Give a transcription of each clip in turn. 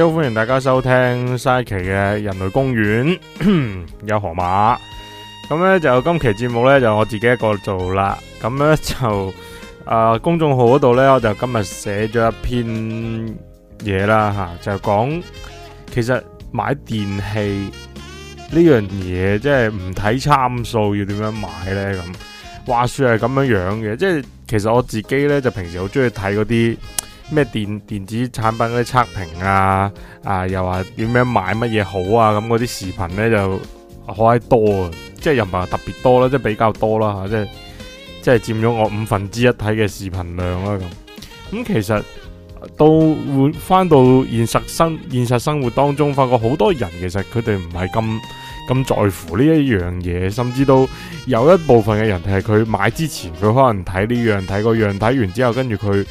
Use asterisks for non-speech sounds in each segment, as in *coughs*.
好歡迎大家收聽《西奇嘅人類公園》， *coughs* 有河馬。咁咧就今期節目咧就我自己一個做啦。咁咧就啊、呃、公眾號嗰度咧我就今日寫咗一篇嘢啦吓，就講其實買電器呢樣嘢即係唔睇參數要點樣買咧咁。話說係咁樣樣嘅，即係其實我自己咧就平時好中意睇嗰啲。咩電電子產品啲測評啊，啊又話點樣買乜嘢好啊，咁嗰啲視頻呢，就好多啊，即係又唔係特別多啦，即係比較多啦吓，即係即係佔咗我五分之一睇嘅視頻量啦咁。咁其實到會翻到現實生現實生活當中，發覺好多人其實佢哋唔係咁咁在乎呢一樣嘢，甚至到有一部分嘅人係佢買之前，佢可能睇呢樣睇嗰樣，睇完之後跟住佢。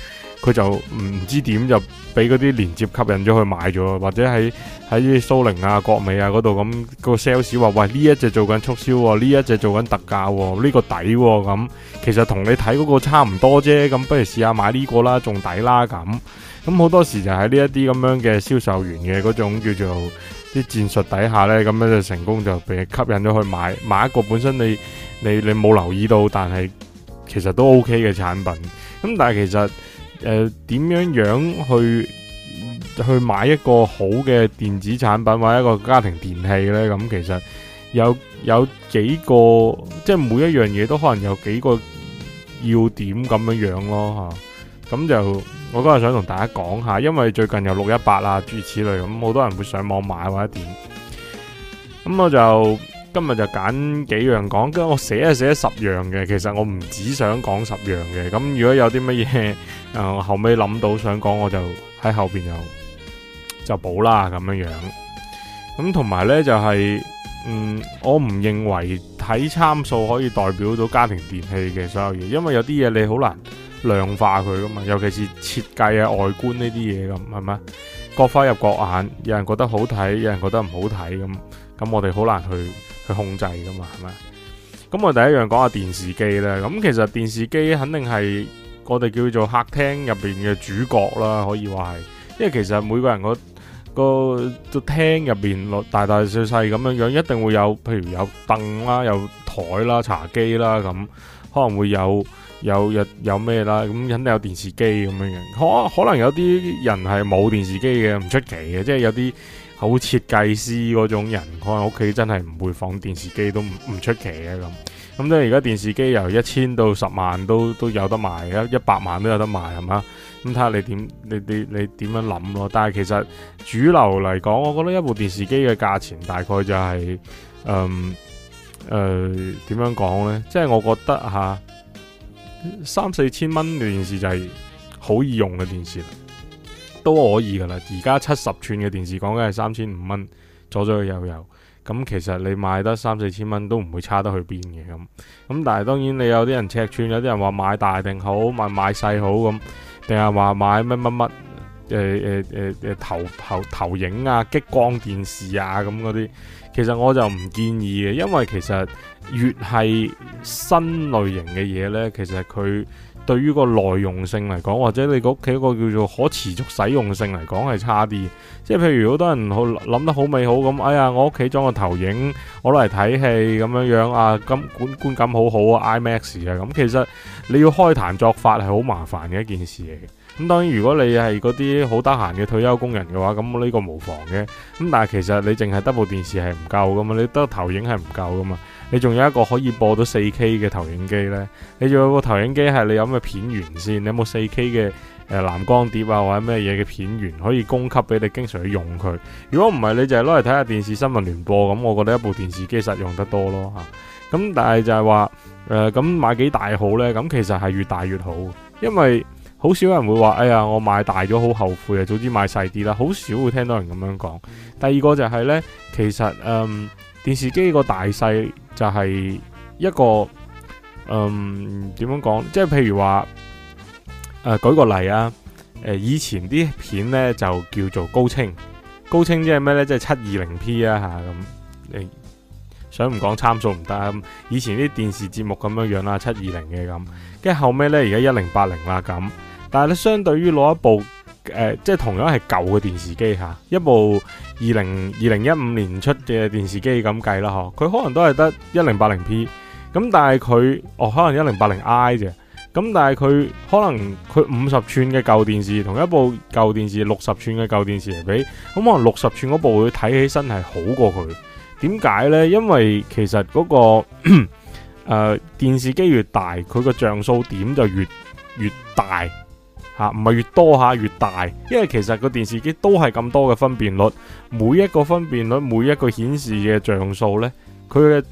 佢就唔知點就俾嗰啲連接吸引咗去買咗，或者喺喺啲蘇寧啊、國美啊嗰度咁個 sales 話：喂呢一隻做緊促銷喎、啊，呢一隻做緊、啊、特價喎、啊，呢、呢個抵喎咁。其實同你睇嗰個差唔多啫。咁不如試下買呢個啦，仲抵啦咁。咁好多時就喺呢一啲咁樣嘅銷售員嘅嗰種叫做啲戰術底下呢，咁樣就成功就被吸引咗去買買一個本身你你你冇留意到，但係其實都 OK 嘅產品。咁但係其實。誒，點樣、呃、樣去去買一個好嘅電子產品或者一個家庭電器呢？咁其實有有幾個，即係每一樣嘢都可能有幾個要點咁樣樣咯，吓咁就我今日想同大家講下，因為最近有六一八啦，諸如此類咁，好多人會上網買或者點，咁我就。今日就揀幾樣講，跟我寫啊寫十樣嘅。其實我唔只想講十樣嘅。咁如果有啲乜嘢誒，後尾諗到想講，我就喺後邊又就補啦。咁樣樣咁同埋呢，就係、是，嗯，我唔認為睇參數可以代表到家庭電器嘅所有嘢，因為有啲嘢你好難量化佢噶嘛。尤其是設計啊外觀呢啲嘢咁係咪？各花入各眼，有人覺得好睇，有人覺得唔好睇咁。咁我哋好難去。去控制噶嘛，係咪？咁我第一樣講下電視機啦。咁其實電視機肯定係我哋叫做客廳入邊嘅主角啦，可以話係。因為其實每個人、嗰個、嗰個廳入邊，大大細細咁樣樣，一定會有，譬如，有凳啦、有台啦、茶几啦咁，可能會有有有有咩啦，咁肯定有電視機咁樣樣。可可能有啲人係冇電視機嘅，唔出奇嘅，即係有啲。好設計師嗰種人，可能屋企真係唔會放電視機都唔唔出奇啊！咁咁即係而家電視機由一千到十萬都都有得賣，一百萬都有得賣係嘛？咁睇下你點你你你點樣諗咯？但係其實主流嚟講，我覺得一部電視機嘅價錢大概就係嗯，誒點樣講呢？即係我覺得嚇三四千蚊嘅電視就係好易用嘅電視。都可以噶啦，而家七十吋嘅電視講緊係三千五蚊，左左右右咁，其實你買得三四千蚊都唔會差得去邊嘅咁。咁但係當然你有啲人尺寸，有啲人話買大定好，買買細好咁，定係話買乜乜乜誒誒誒誒投投投影啊、激光電視啊咁嗰啲，其實我就唔建議嘅，因為其實越係新類型嘅嘢呢，其實佢。對於個耐用性嚟講，或者你屋企個叫做可持續使用性嚟講係差啲，即係譬如好多人好諗得好美好咁，哎呀，我屋企裝個投影，我攞嚟睇戲咁樣樣啊，咁觀，觀感好好啊 IMAX 啊，咁、嗯、其實你要開壇作法係好麻煩嘅一件事嚟嘅。咁、嗯、當然如果你係嗰啲好得閒嘅退休工人嘅話，咁呢個無妨嘅。咁、嗯、但係其實你淨係得部電視係唔夠噶嘛，你得投影係唔夠噶嘛。你仲有一個可以播到四 K 嘅投影機呢？你仲有個投影機係你有咩片源先？你有冇四 K 嘅誒藍光碟啊，或者咩嘢嘅片源可以供給俾你經常去用佢？如果唔係，你就係攞嚟睇下電視新聞聯播咁。我覺得一部電視機實用得多咯嚇。咁、嗯、但係就係話誒咁買幾大好呢？咁其實係越大越好，因為好少人會話：哎呀，我買大咗好後悔啊！早知買細啲啦。好少會聽到人咁樣講。第二個就係呢，其實誒、嗯、電視機個大細。就係一個嗯，點樣講，即係譬如話，誒、呃、舉個例啊，誒、呃、以前啲片咧就叫做高清，高清即係咩咧，即係七二零 P 啊，吓咁，你、啊嗯、想唔講參數唔得啊，以前啲電視節目咁樣樣啦，七二零嘅咁，跟住後尾咧而家一零八零啦咁，但係咧相對於攞一部誒、呃、即係同樣係舊嘅電視機吓、啊，一部。二零二零一五年出嘅電視機咁計啦，嗬，佢可能都係得一零八零 P，咁但係佢，哦，可能一零八零 I 啫，咁但係佢可能佢五十寸嘅舊電視同一部舊電視六十寸嘅舊電視嚟比，咁、嗯、可能六十寸嗰部會睇起身係好過佢，點解呢？因為其實嗰、嗰個誒、呃、電視機越大，佢個像素點就越越大。嚇唔係越多嚇越大，因為其實個電視機都係咁多嘅分辨率，每一個分辨率，每一個顯示嘅像素呢，佢嘅，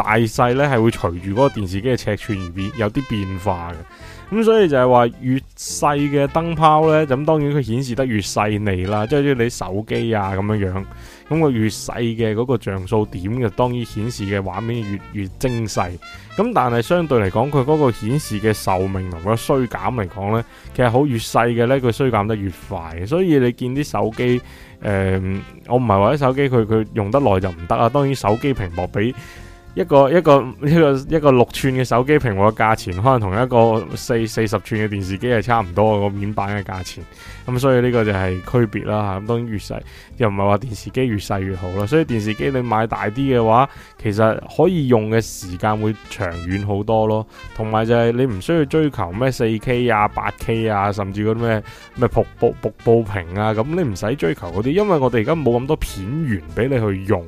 大細咧，係會隨住嗰個電視機嘅尺寸而變，有啲變化嘅，咁，所以就係話越細嘅燈泡咧，咁當然佢顯示得越細膩啦，即係好似你手機啊咁樣樣咁，佢越細嘅嗰個像素點嘅，當然顯示嘅畫面越越精細。咁但係相對嚟講，佢嗰個顯示嘅壽命同個衰減嚟講咧，其實好越細嘅咧，佢衰減得越快。所以你見啲手機誒、呃，我唔係話啲手機佢佢用得耐就唔得啦。當然手機屏幕比。一個一個一個一個六寸嘅手機屏幕嘅價錢，可能同一個四四十寸嘅電視機係差唔多個面板嘅價錢。咁所以呢個就係區別啦吓。咁當然越細又唔係話電視機越細越好咯。所以電視機你買大啲嘅話，其實可以用嘅時間會長遠好多咯。同埋就係你唔需要追求咩四 K 啊、八 K 啊，甚至嗰啲咩咩瀑布瀑布屏啊。咁你唔使追求嗰啲，因為我哋而家冇咁多片源俾你去用。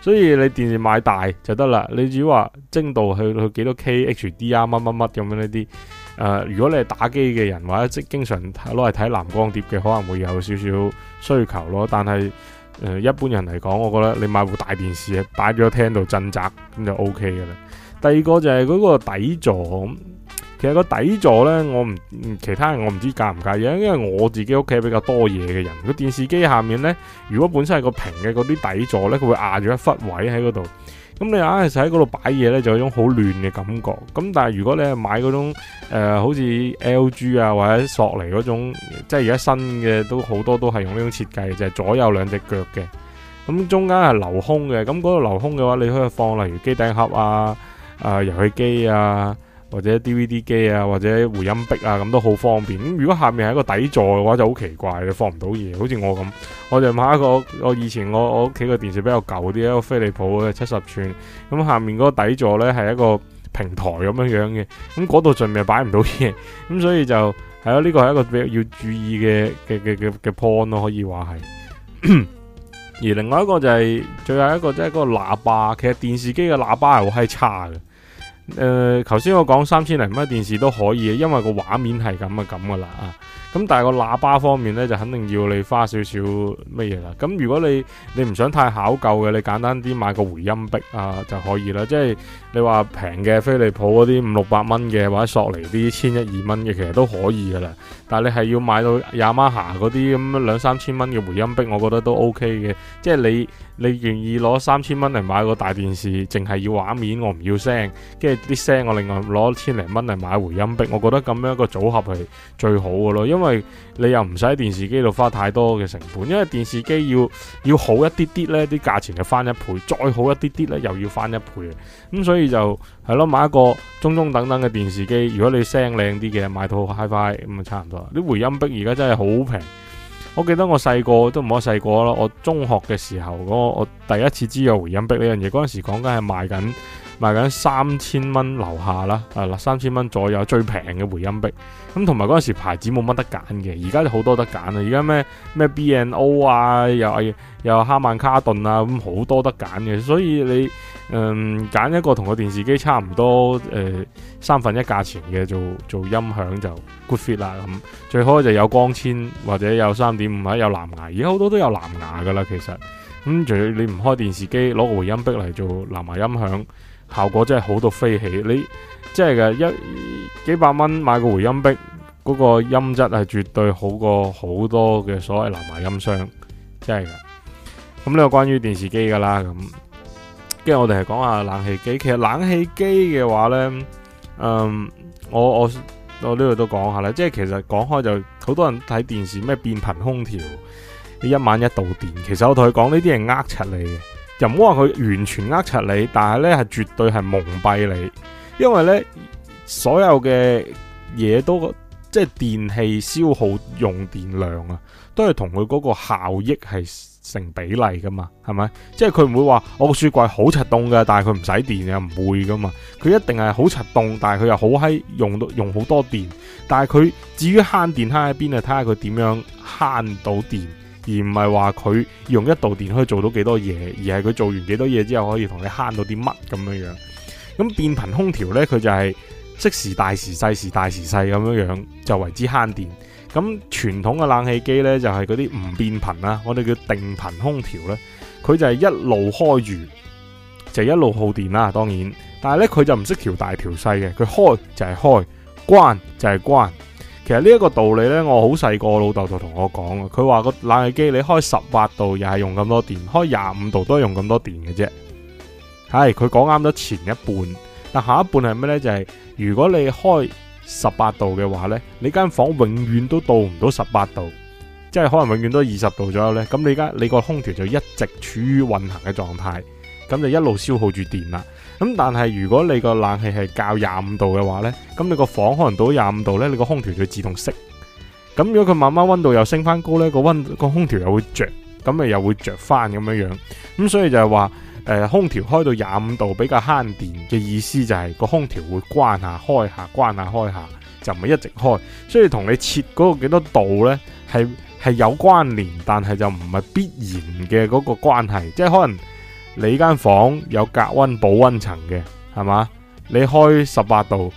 所以你電視買大就得啦，你至於話精度去去幾多 K HD 啊，乜乜乜咁樣呢啲，誒、呃、如果你係打機嘅人或者即係經常攞嚟睇藍光碟嘅，可能會有少少需求咯。但係誒、呃、一般人嚟講，我覺得你買部大電視擺咗廳度鎮宅咁就 O K 嘅啦。第二個就係嗰個底座。其實個底座咧，我唔其他人我唔知介唔介意，因為我自己屋企比較多嘢嘅人。個電視機下面咧，如果本身係個平嘅嗰啲底座咧，佢會壓住一忽位喺嗰度。咁你硬係喺嗰度擺嘢咧，就有種好亂嘅感覺。咁但係如果你係買嗰種、呃、好似 LG 啊或者索尼嗰種，即係而家新嘅都好多都係用呢種設計，就係、是、左右兩隻腳嘅。咁中間係留空嘅，咁嗰度留空嘅話，你可以放例如機頂盒啊、啊、呃、遊戲機啊。或者 DVD 機啊，或者回音壁啊，咁都好方便。咁如果下面係一個底座嘅話，就好奇怪，你放唔到嘢。好似我咁，我就買一個，我以前我我屋企個電視比較舊啲，一個飛利浦嘅七十寸，咁下面嗰個底座呢，係一個平台咁樣樣嘅，咁嗰度盡面擺唔到嘢，咁所以就係咯，呢、啊這個係一個比較要注意嘅嘅嘅嘅 point 咯，可以話係。 *coughs* 而另外一個就係、是、最後一個即係個喇叭，其實電視機嘅喇叭係好 hi 叉嘅。誒，頭先、呃、我講三千零蚊電視都可以，因為個畫面係噉嘅噉嘅喇啊。咁但係個喇叭方面咧就肯定要你花少少乜嘢啦。咁如果你你唔想太考究嘅，你簡單啲買個回音壁啊就可以啦。即係你話平嘅飛利浦嗰啲五六百蚊嘅，或者索尼啲千一二蚊嘅，其實都可以噶啦。但係你係要買到雅馬哈嗰啲咁兩三千蚊嘅回音壁，我覺得都 O K 嘅。即係你你願意攞三千蚊嚟買個大電視，淨係要畫面，我唔要聲，跟住啲聲我另外攞千零蚊嚟買回音壁，我覺得咁樣一個組合係最好噶咯，因為你又唔使喺電視機度花太多嘅成本，因為電視機要要好一啲啲呢，啲價錢就翻一倍；再好一啲啲呢，又要翻一倍。咁所以就係咯，買一個中中等等嘅電視機。如果你聲靚啲嘅，買套 Hi-Fi 咁就差唔多啦。啲回音壁而家真係好平。我記得我細個都唔好細個啦，我中學嘅時候，我我第一次知有回音壁呢樣嘢。嗰陣時講緊係賣緊。賣緊三千蚊樓下啦，啊嗱三千蚊左右最平嘅回音壁，咁同埋嗰陣時牌子冇乜得揀嘅，而家就好多得揀啦。而家咩咩 B N O 啊，又又，又哈曼卡頓啊，咁好多得揀嘅。所以你嗯揀一個同個電視機差唔多，誒、呃、三分一價錢嘅做做音響就 good fit 啦。咁最好就有光纖或者有三點五米有藍牙，而家好多都有藍牙噶啦。其實咁仲要你唔開電視機攞個回音壁嚟做藍牙音響，效果真係好到飛起，你即係嘅一幾百蚊買個回音壁，嗰個音質係絕對好過好多嘅所謂藍牙音箱，真係嘅。咁呢個關於電視機㗎啦，咁跟住我哋係講下冷氣機。其實冷氣機嘅話咧，嗯，我我我呢度都講下啦。即係其實講開就好多人睇電視咩變頻空調，一晚一度電。其實我同佢講呢啲係呃出嚟嘅。又唔好話佢完全呃柒你，但係咧係絕對係蒙蔽你，因為咧所有嘅嘢都即係電器消耗用電量啊，都係同佢嗰個效益係成比例噶嘛，係咪？即係佢唔會話我個雪櫃好柒凍噶，但係佢唔使電又唔會噶嘛，佢一定係好柒凍，但係佢又好閪用到用好多電，但係佢至於慳電慳喺邊啊，睇下佢點樣慳到電。而唔係話佢用一度電可以做到幾多嘢，而係佢做完幾多嘢之後可以同你慳到啲乜咁樣樣。咁變頻空調呢，佢就係識時大時細、時大時細咁樣樣，就為之慳電。咁傳統嘅冷氣機呢，就係嗰啲唔變頻啦，我哋叫定頻空調呢，佢就係一路開住，就一路耗電啦。當然，但係呢，佢就唔識調大調細嘅，佢開就係開，關就係關。其實呢一個道理呢，我好細個，老豆就同我講啊。佢話個冷氣機你開十八度，又係用咁多電；開廿五度都係用咁多電嘅啫。係佢講啱咗前一半，但下一半係咩呢？就係如果你開十八度嘅話呢，你間房永遠都到唔到十八度，即係可能永遠都二十度左右呢。咁你而家你個空調就一直處於運行嘅狀態，咁就一路消耗住電啦。咁但係如果你個冷氣係較廿五度嘅話呢，咁你個房可能到廿五度呢，你個空調就會自動熄。咁如果佢慢慢温度又升翻高呢，個温、個空調又會着，咁咪又會着翻咁樣樣。咁所以就係話，誒、呃、空調開到廿五度比較慳電嘅意思就係、是個空調會關下開下關下開下，就唔係一直開。所以同你設嗰個幾多度呢係係有關聯，但係就唔係必然嘅嗰個關係，即、就、係、是、可能。你間房有隔溫保溫層嘅，係嘛？你開十八度，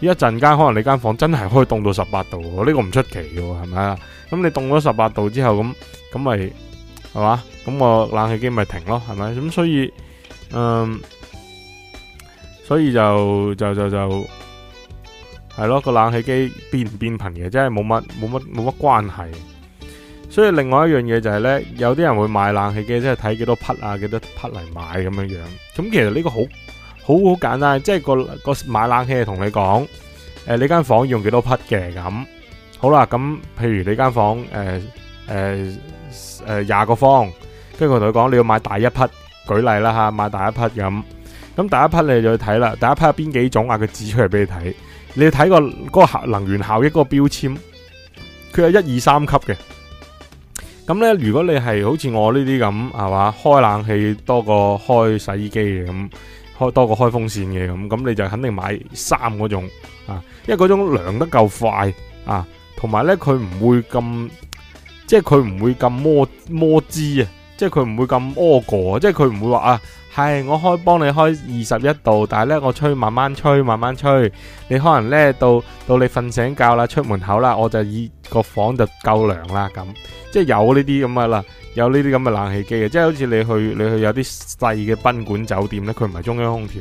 依一陣間可能你間房真係可以凍到十八度，呢個唔出奇嘅，係咪啊？咁你凍咗十八度之後，咁咁咪係嘛？咁個冷氣機咪停咯，係咪？咁所以，嗯，所以就就就就係咯，個冷氣機變唔變頻嘅，真係冇乜冇乜冇乜關係。所以另外一樣嘢就係、是、咧，有啲人會買冷氣機，即係睇幾多匹啊，幾多匹嚟買咁樣樣。咁其實呢個好好好簡單，即係個個買冷氣嘅同你講，誒、呃、你房間房用幾多匹嘅咁好啦。咁譬如你房間、呃呃呃、房誒誒誒廿個方，跟住佢同你講，你要買大一匹。舉例啦嚇，買大一匹咁，咁大一匹你就要睇啦。大一匹有邊幾種啊？佢指出嚟俾你睇，你要睇個嗰個能源效益嗰個標籤，佢有一二三級嘅。咁咧，如果你係好似我呢啲咁，係嘛開冷氣多過開洗衣機嘅咁，開多過開風扇嘅咁，咁你就肯定買三嗰種啊，因為嗰種涼得夠快啊，同埋咧佢唔會咁，即係佢唔會咁摸摸枝啊，即係佢唔會咁屙過，即係佢唔會話啊。係，我開幫你開二十一度，但係咧我吹慢慢吹，慢慢吹，你可能咧到到你瞓醒覺啦，出門口啦，我就以個房就夠涼啦咁，即係有呢啲咁嘅啦，有呢啲咁嘅冷氣機嘅，即係好似你去你去有啲細嘅賓館酒店咧，佢唔係中央空調，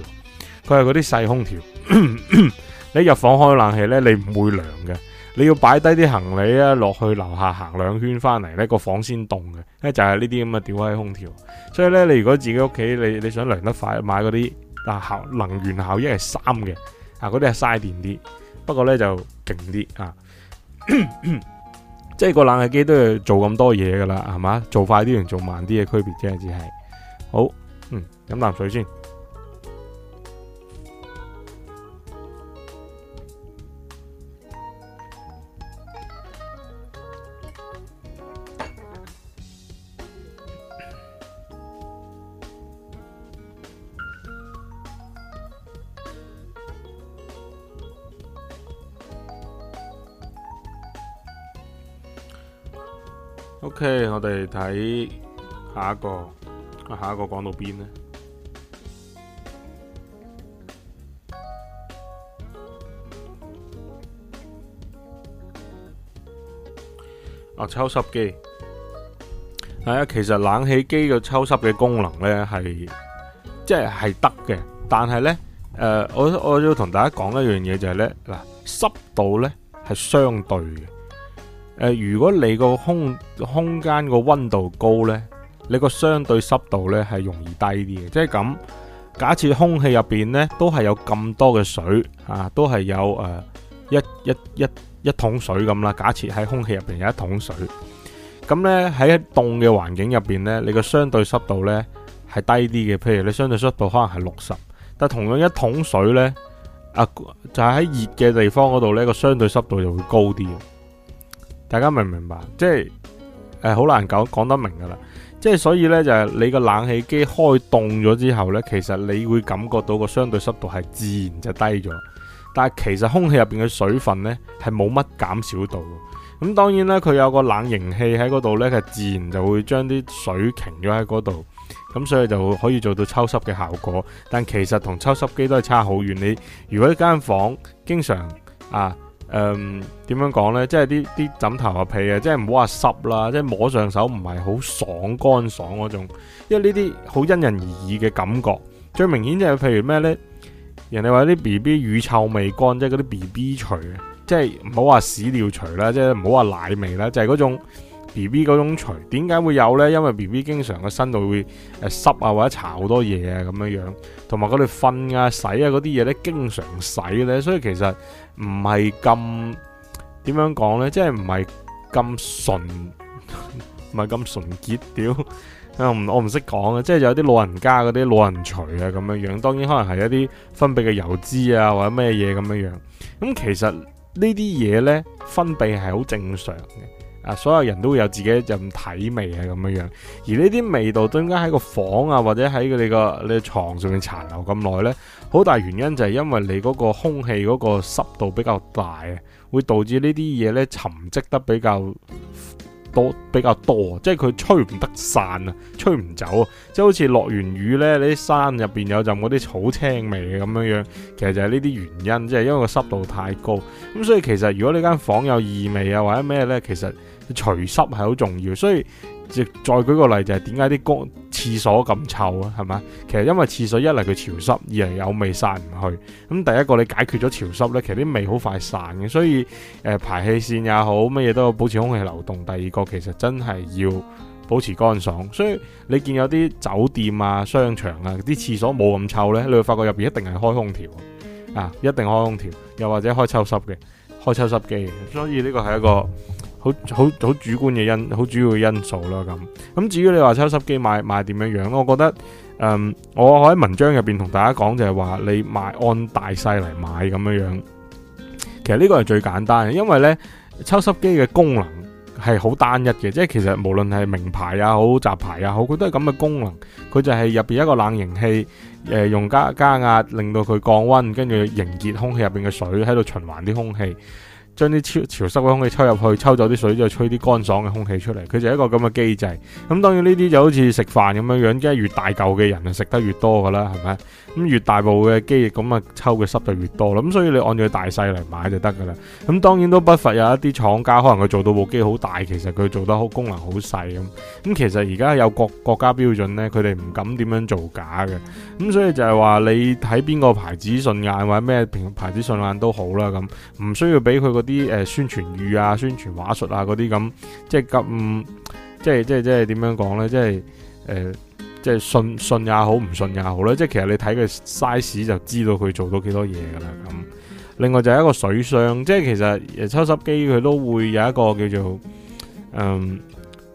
佢係嗰啲細空調， *coughs* 你入房開冷氣咧，你唔會涼嘅。你要擺低啲行李啊，落去樓下行兩圈翻嚟咧個房先凍嘅，咧就係呢啲咁嘅吊喺空調。所以咧你如果自己屋企你你想涼得快，買嗰啲啊效能源效益係三嘅啊，嗰啲係嘥電啲，不過咧就勁啲啊，即係、 *coughs* 就是、個冷氣機都要做咁多嘢噶啦，係咪做快啲同做慢啲嘅區別，啫，只係，好，嗯，飲啖水先。O K，我哋睇下一個，啊下一個講到邊呢？啊抽濕機，係啊，其實冷氣機個抽濕嘅功能呢，係即係係得嘅，但係呢，誒，我我要同大家講一樣嘢就係呢，嗱，濕度呢係相對嘅。誒、呃，如果你個空空間個溫度高呢，你個相對濕度呢係容易低啲嘅。即係咁，假設空氣入邊呢都係有咁多嘅水啊，都係有誒一一一一桶水咁啦。假設喺空氣入邊有一桶水，咁呢，喺凍嘅環境入邊呢，你個相對濕度呢係低啲嘅。譬如你相對濕度可能係六十，但同樣一桶水呢，啊就喺熱嘅地方嗰度呢，個相對濕度就會高啲。大家明唔、呃、明白？即係誒，好難講講得明噶啦。即係所以呢，就係、是、你個冷氣機開凍咗之後呢，其實你會感覺到個相對濕度係自然就低咗。但係其實空氣入邊嘅水分呢，係冇乜減少到。咁當然呢，佢有個冷凝器喺嗰度呢，佢自然就會將啲水凝咗喺嗰度。咁所以就可以做到抽濕嘅效果。但其實同抽濕機都係差好遠。你如果一間房經常啊～誒、點、嗯、樣講咧？即係啲啲枕頭嘅皮啊，即係唔好話濕啦，即係摸上手唔係好爽乾爽嗰種，因為呢啲好因人而異嘅感覺。最明顯就係譬如咩呢？人哋話啲 B B 乳臭未乾、就是，即係嗰啲 B B 除，即係唔好話屎尿除啦，即係唔好話奶味啦，就係、是、嗰種。B B 嗰種除點解會有呢？因為 B B 經常個身度會誒濕啊，或者搽好多嘢啊咁樣樣，同埋佢哋瞓啊、洗啊嗰啲嘢呢，經常洗呢、啊。所以其實唔係咁點樣講呢？即係唔係咁純，唔係咁純潔屌 *laughs* 我唔識講嘅，即係有啲老人家嗰啲老人除啊咁樣樣，當然可能係一啲分泌嘅油脂啊，或者咩嘢咁樣樣。咁其實呢啲嘢呢，分泌係好正常嘅。啊！所有人都會有自己一陣體味啊，咁樣樣。而呢啲味道點解喺個房啊，或者喺你個你牀上面殘留咁耐呢，好大原因就係因為你嗰個空氣嗰個濕度比較大啊，會導致呢啲嘢呢沉積得比較多比較多，即係佢吹唔得散啊，吹唔走啊。即係好似落完雨咧，你啲山入邊有陣嗰啲草青味咁樣樣，其實就係呢啲原因，即係因為濕度太高。咁所以其實如果你間房有異味啊，或者咩呢？其實～除濕係好重要，所以亦再舉個例就係點解啲公廁所咁臭啊？係嘛？其實因為廁所一嚟佢潮濕，二嚟有味散唔去。咁第一個你解決咗潮濕呢，其實啲味好快散嘅。所以誒排氣扇也好，乜嘢都保持空氣流動。第二個其實真係要保持乾爽。所以你見有啲酒店啊、商場啊啲廁所冇咁臭呢，你會發覺入邊一定係開空調啊，一定開空調，又或者開抽濕嘅，開抽濕機。所以呢個係一個。好好主觀嘅因好主要嘅因素啦，咁咁至於你話抽濕機買買點樣樣，我覺得，嗯，我喺文章入邊同大家講就係話你買按大細嚟買咁樣樣，其實呢個係最簡單嘅，因為呢抽濕機嘅功能係好單一嘅，即係其實無論係名牌啊好雜牌啊好，佢都係咁嘅功能，佢就係入邊一個冷凝器，誒、呃、用加加壓令到佢降温，跟住凝結空氣入邊嘅水喺度循環啲空氣。將啲潮潮濕嘅空氣抽入去，抽走啲水再吹啲乾爽嘅空氣出嚟，佢就係一個咁嘅機制。咁當然呢啲就好似食飯咁樣樣，即係越大嚿嘅人啊，食得越多噶啦，係咪？咁越大部嘅機翼，咁啊抽嘅濕就越多啦。咁所以你按照大細嚟買就得噶啦。咁當然都不乏有一啲廠家可能佢做到部機好大，其實佢做得好功能好細咁。咁其實而家有國國家標準咧，佢哋唔敢點樣做假嘅。咁所以就係話你睇邊個牌子順眼或者咩牌子順眼都好啦。咁唔需要俾佢嗰啲誒宣傳語啊、宣傳話術啊嗰啲咁，即係咁、嗯，即係即係即係點樣講咧？即係誒。即係信信也好，唔信也好咧，即係其實你睇佢 size 就知道佢做到幾多嘢㗎啦。咁另外就係一個水箱，即係其實抽濕機佢都會有一個叫做嗯。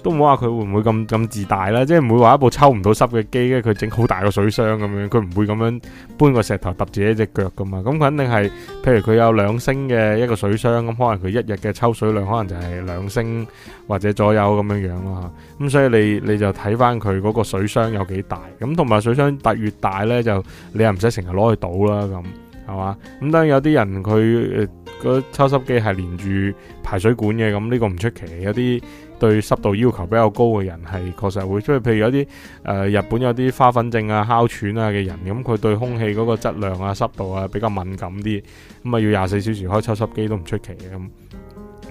都唔好話佢會唔會咁咁自大啦，即係唔會話一部抽唔到濕嘅機，佢整好大個水箱咁樣，佢唔會咁樣搬個石頭揼自己隻腳噶嘛。咁佢肯定係，譬如佢有兩升嘅一個水箱，咁可能佢一日嘅抽水量可能就係兩升或者左右咁樣樣咯。咁所以你你就睇翻佢嗰個水箱有幾大，咁同埋水箱揼越大呢，就你又唔使成日攞去倒啦。咁係嘛？咁當然有啲人佢，嗰個，抽濕機係連住排水管嘅，咁呢個唔出奇，有啲。對濕度要求比較高嘅人係確實會，即係譬如有啲誒、呃、日本有啲花粉症啊、哮喘啊嘅人，咁佢對空氣嗰個質量啊、濕度啊比較敏感啲，咁啊要廿四小時開抽濕機都唔出奇嘅。咁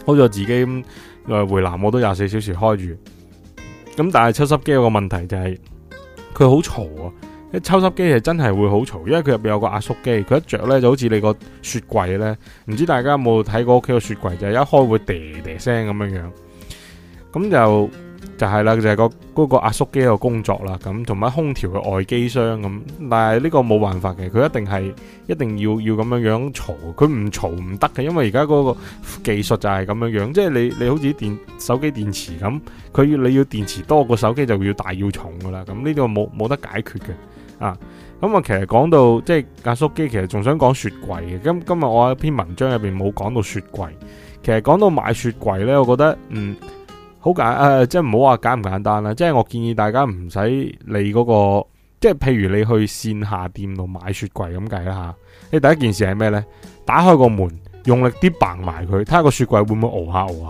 好似我自己咁，誒回南我都廿四小時開住，咁但係抽濕機有個問題就係佢好嘈啊，抽濕機係真係會好嘈，因為佢入邊有個壓縮機，佢一着呢就好似你個雪櫃呢。唔知大家有冇睇過屋企個雪櫃就係、一開會嗲嗲聲咁樣樣。咁就就係啦，就係個嗰個壓縮機個工作啦。咁同埋空調嘅外機箱咁，但係呢個冇辦法嘅，佢一定係一定要要咁樣樣嘈，佢唔嘈唔得嘅。因為而家嗰個技術就係咁樣樣，即係你你好似電手機電池咁，佢要你要電池多個手機就要大要重噶啦。咁呢啲冇冇得解決嘅啊。咁啊，其實講到即係壓縮機，啊、其實仲想講雪櫃嘅。今今日我一篇文章入邊冇講到雪櫃，其實講到買雪櫃呢，我覺得嗯。好簡誒，即係唔好話簡唔簡單啦。即係我建議大家唔使理嗰、嗰個，即係譬如你去線下店度買雪櫃咁計一下。你第一件事係咩呢？打開個門，用力啲掟埋佢，睇下個雪櫃會唔會搖下搖下。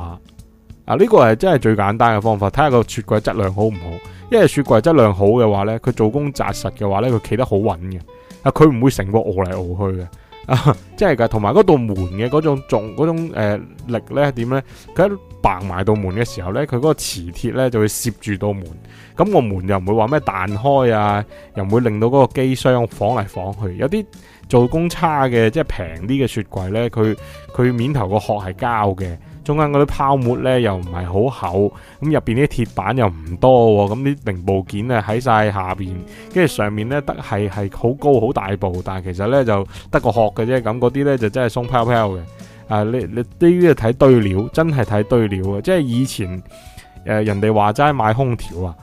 啊，呢、呢個係真係最簡單嘅方法，睇下個雪櫃質量好唔好。因為雪櫃質量好嘅話呢，佢做工紮實嘅話呢，佢企得好穩嘅。啊，佢唔會成個搖嚟搖去嘅。啊，真係同埋嗰道門嘅嗰種重嗰種誒、呃、力呢，點呢？佢。白埋到門嘅時候呢，佢嗰個磁鐵呢就會攝住到門。咁個門又唔會話咩彈開啊，又唔會令到嗰個機箱晃嚟晃去。有啲做工差嘅，即係平啲嘅雪櫃呢，佢佢面頭個殼係膠嘅，中間嗰啲泡沫呢又唔係好厚。咁入邊啲鐵板又唔多喎。咁啲零部件呢，喺晒下邊，跟住上面呢，得係係好高好大部，但係其實呢，就得個殼嘅啫。咁嗰啲呢，就真係鬆拋拋嘅。啊！你你對於睇堆料，真係睇堆料啊！即係以前誒、呃、人哋話齋買空調啊，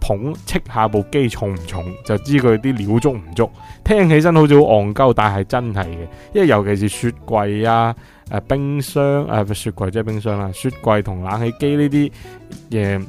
捧秤下部機重唔重就知佢啲料足唔足。聽起身好似好戇鳩，但係真係嘅。因為尤其是雪櫃啊、誒、呃、冰箱啊、呃、雪櫃即係冰箱啦，雪櫃同冷氣機呢啲嘢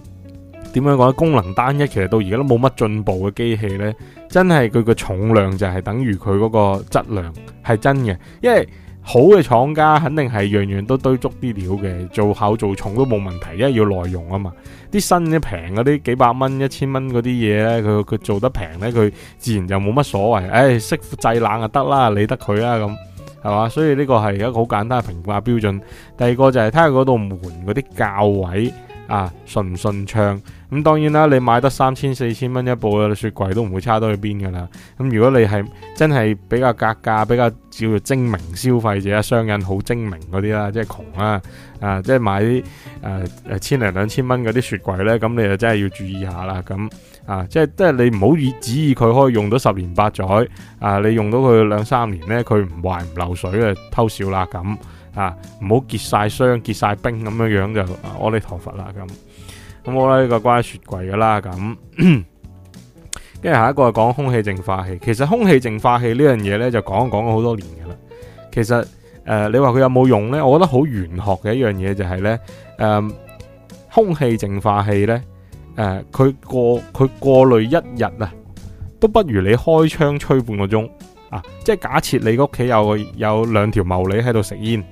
點樣講？功能單一，其實到而家都冇乜進步嘅機器咧，真係佢個重量就係等於佢嗰個質量係真嘅，因為。好嘅廠家肯定係樣樣都堆足啲料嘅，做厚做重都冇問題，因為要耐用啊嘛。啲新嘅平嗰啲幾百蚊、一千蚊嗰啲嘢咧，佢佢做得平咧，佢自然就冇乜所謂。唉、哎，識製冷就得啦，理得佢啦。咁，係嘛？所以呢個係一個好簡單嘅評價標準。第二個就係睇下嗰度門嗰啲鉸位。啊，順唔順暢？咁當然啦，你買得三千四千蚊一部嘅雪櫃都唔會差到去邊噶啦。咁如果你係真係比較格價，比較叫做精明消費者啊，商人好精明嗰啲啦，即係窮啦、啊，啊，即係買啲誒誒千零兩千蚊嗰啲雪櫃咧，咁你就真係要注意下啦。咁啊，即係即係你唔好以指意佢可以用到十年八載，啊，你用到佢兩三年咧，佢唔壞唔漏水嘅，偷笑啦咁。吓，唔好、啊、結晒霜、結晒冰咁樣樣就，阿彌陀佛啦咁。咁我咧呢個關於雪櫃噶啦咁，跟住下一個係講空氣淨化器。其實空氣淨化器呢樣嘢咧就講講咗好多年噶啦。其實誒、呃，你話佢有冇用咧？我覺得好玄學嘅一樣嘢就係、是、咧，誒、呃，空氣淨化器咧，誒、呃，佢過佢過濾一日啊，都不如你開窗吹半個鐘啊。即係假設你屋企有有兩條茂利喺度食煙。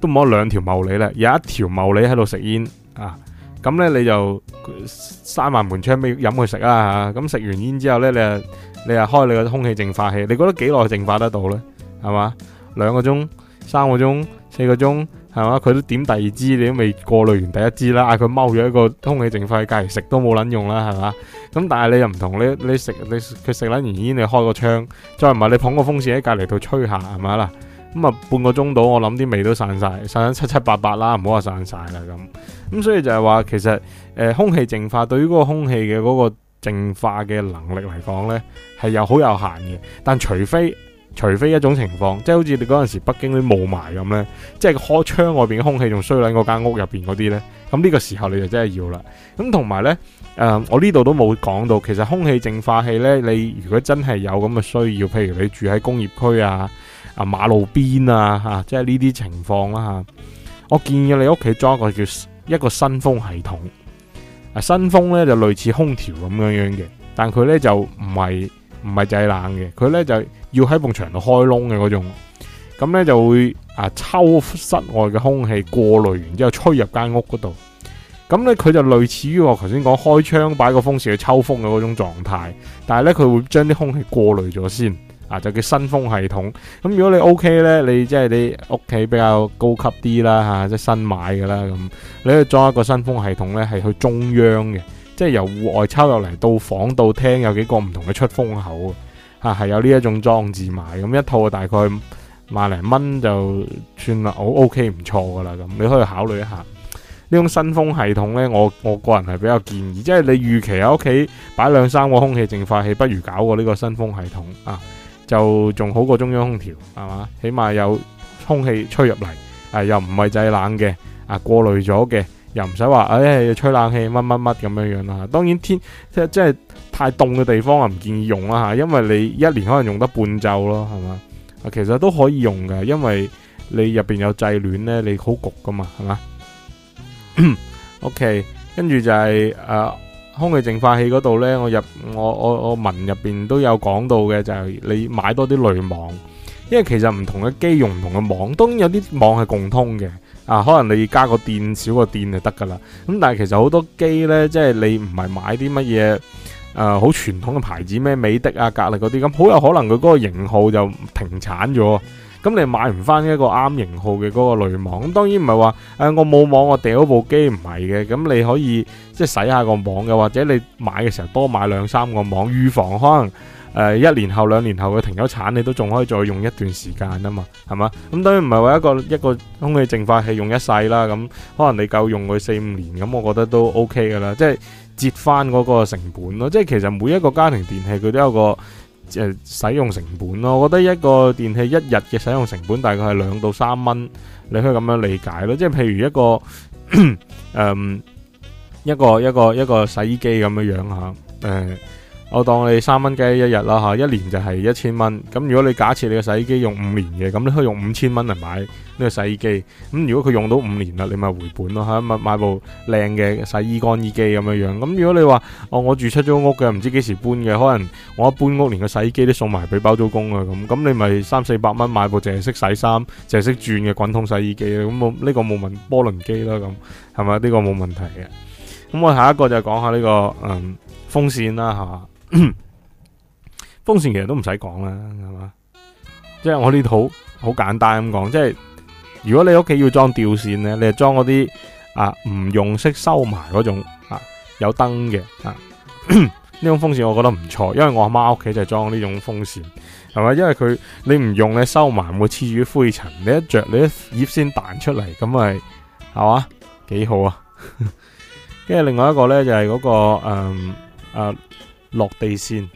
都冇咗兩條茂利啦，有一條茂利喺度食煙啊，咁咧你就閂埋門窗俾飲佢食啦嚇，咁、啊、食完煙之後咧，你又你又開你個空氣淨化器，你覺得幾耐淨化得到咧？係嘛？兩個鐘，三個鐘，四個鐘係嘛？佢都點第二支，你都未過濾完第一支啦。嗌佢踎咗一個空氣淨化器隔離食都冇撚用啦，係嘛？咁但係你又唔同，你你食你佢食撚完煙，你開個窗，再唔係你捧個風扇喺隔離度吹下，係咪啦？咁啊，半個鐘度，我諗啲味都散晒，散得七七八八啦，唔好話散晒啦咁。咁所以就係話，其實誒、呃、空氣淨化對於嗰個空氣嘅嗰個淨化嘅能力嚟講呢，係又好有限嘅。但除非除非一種情況，即係好似你嗰陣時北京啲霧霾咁呢，即係開窗外邊嘅空氣仲衰過嗰間屋入邊嗰啲呢。咁呢個時候你就真係要啦。咁同埋呢，誒、呃、我呢度都冇講到，其實空氣淨化器呢，你如果真係有咁嘅需要，譬如你住喺工業區啊。啊馬路邊啊吓、啊，即係呢啲情況啦吓，我建議你屋企裝一個叫一個新風系統。啊新風咧就類似空調咁樣樣嘅，但佢咧就唔係唔係製冷嘅，佢咧就要喺埲牆度開窿嘅嗰種，咁、啊、咧就會啊抽室外嘅空氣，過濾完之後吹入間屋嗰度。咁咧佢就類似於我頭先講開窗擺個風扇去抽風嘅嗰種狀態，但係咧佢會將啲空氣過濾咗先。啊，就叫新風系統咁。如果你 O K 呢，你即係你屋企比較高級啲啦，吓即係新買嘅啦咁，你可以裝一個新風系統呢，係去中央嘅，即係由戶外抽入嚟到房到廳，有幾個唔同嘅出風口啊，係有呢一種裝置買咁一套大概萬零蚊就算啦，好 O K 唔錯噶啦咁，你可以考慮一下呢種新風系統呢。我我個人係比較建議，即係你預期喺屋企擺兩三個空氣淨化器，不如搞個呢個新風系統啊。就仲好過中央空調，係嘛？起碼有空氣吹入嚟，啊又唔係製冷嘅，啊過濾咗嘅，又唔使話誒吹冷氣乜乜乜咁樣樣啦。當然天即係即係太凍嘅地方啊，唔建議用啦吓，因為你一年可能用得半晝咯，係嘛？啊其實都可以用嘅，因為你入邊有制暖呢，你好焗噶嘛，係嘛？OK，跟住就係啊。空氣淨化器嗰度呢，我入我我我文入邊都有講到嘅，就係你買多啲濾網，因為其實唔同嘅機用唔同嘅網，當然有啲網係共通嘅，啊，可能你加個電少個電就得㗎喇。咁但係其實好多機呢，即係你唔係買啲乜嘢，誒、呃、好傳統嘅牌子咩美的啊、格力嗰啲咁，好有可能佢嗰個型號就停產咗。咁你買唔翻一個啱型號嘅嗰個濾網，咁當然唔係話誒我冇網我掉部機唔係嘅，咁你可以即係洗下個網嘅，或者你買嘅時候多買兩三個網預防，可能誒、呃、一年後兩年後佢停咗產，你都仲可以再用一段時間啊嘛，係嘛？咁當然唔係話一個一個空氣淨化器用一世啦，咁可能你夠用佢四五年，咁我覺得都 OK 㗎啦，即係折翻嗰個成本咯。即係其實每一個家庭電器佢都有個。誒使用成本咯，我覺得一個電器一日嘅使用成本大概係兩到三蚊，你可以咁樣理解咯。即係譬如一個誒、嗯、一個一個一個洗衣機咁樣樣嚇誒。呃我當你三蚊雞一日啦吓，一年就係一千蚊。咁如果你假設你個洗衣機用五年嘅，咁你可以用五千蚊嚟買呢個洗衣機。咁如果佢用到五年啦，你咪回本咯吓，咪買部靚嘅洗衣乾衣機咁樣樣。咁如果你話哦，我住出租屋嘅，唔知幾時搬嘅，可能我一搬屋連個洗衣機都送埋俾包租公啊咁。咁你咪三四百蚊買部淨係識洗衫、淨係識轉嘅滾筒洗衣機啦。咁我呢個冇問波輪機啦，咁係咪呢個冇問題嘅？咁我下一個就講下呢個嗯風扇啦吓。 *coughs* 風扇其實都唔使講啦，係嘛？即係我呢套好簡單咁講，即係如果你屋企要裝吊扇咧，你係裝嗰啲啊唔用識收埋嗰種啊有燈嘅啊呢 *coughs* 種風扇我覺得唔錯，因為我阿媽屋企就係裝呢種風扇，係嘛？因為佢你唔用你收埋，唔會黐住灰塵，你一着你一葉先彈出嚟，咁咪係嘛？幾好啊！跟 *laughs* 住另外一個咧就係、是、嗰、嗰個誒誒。嗯啊落地扇，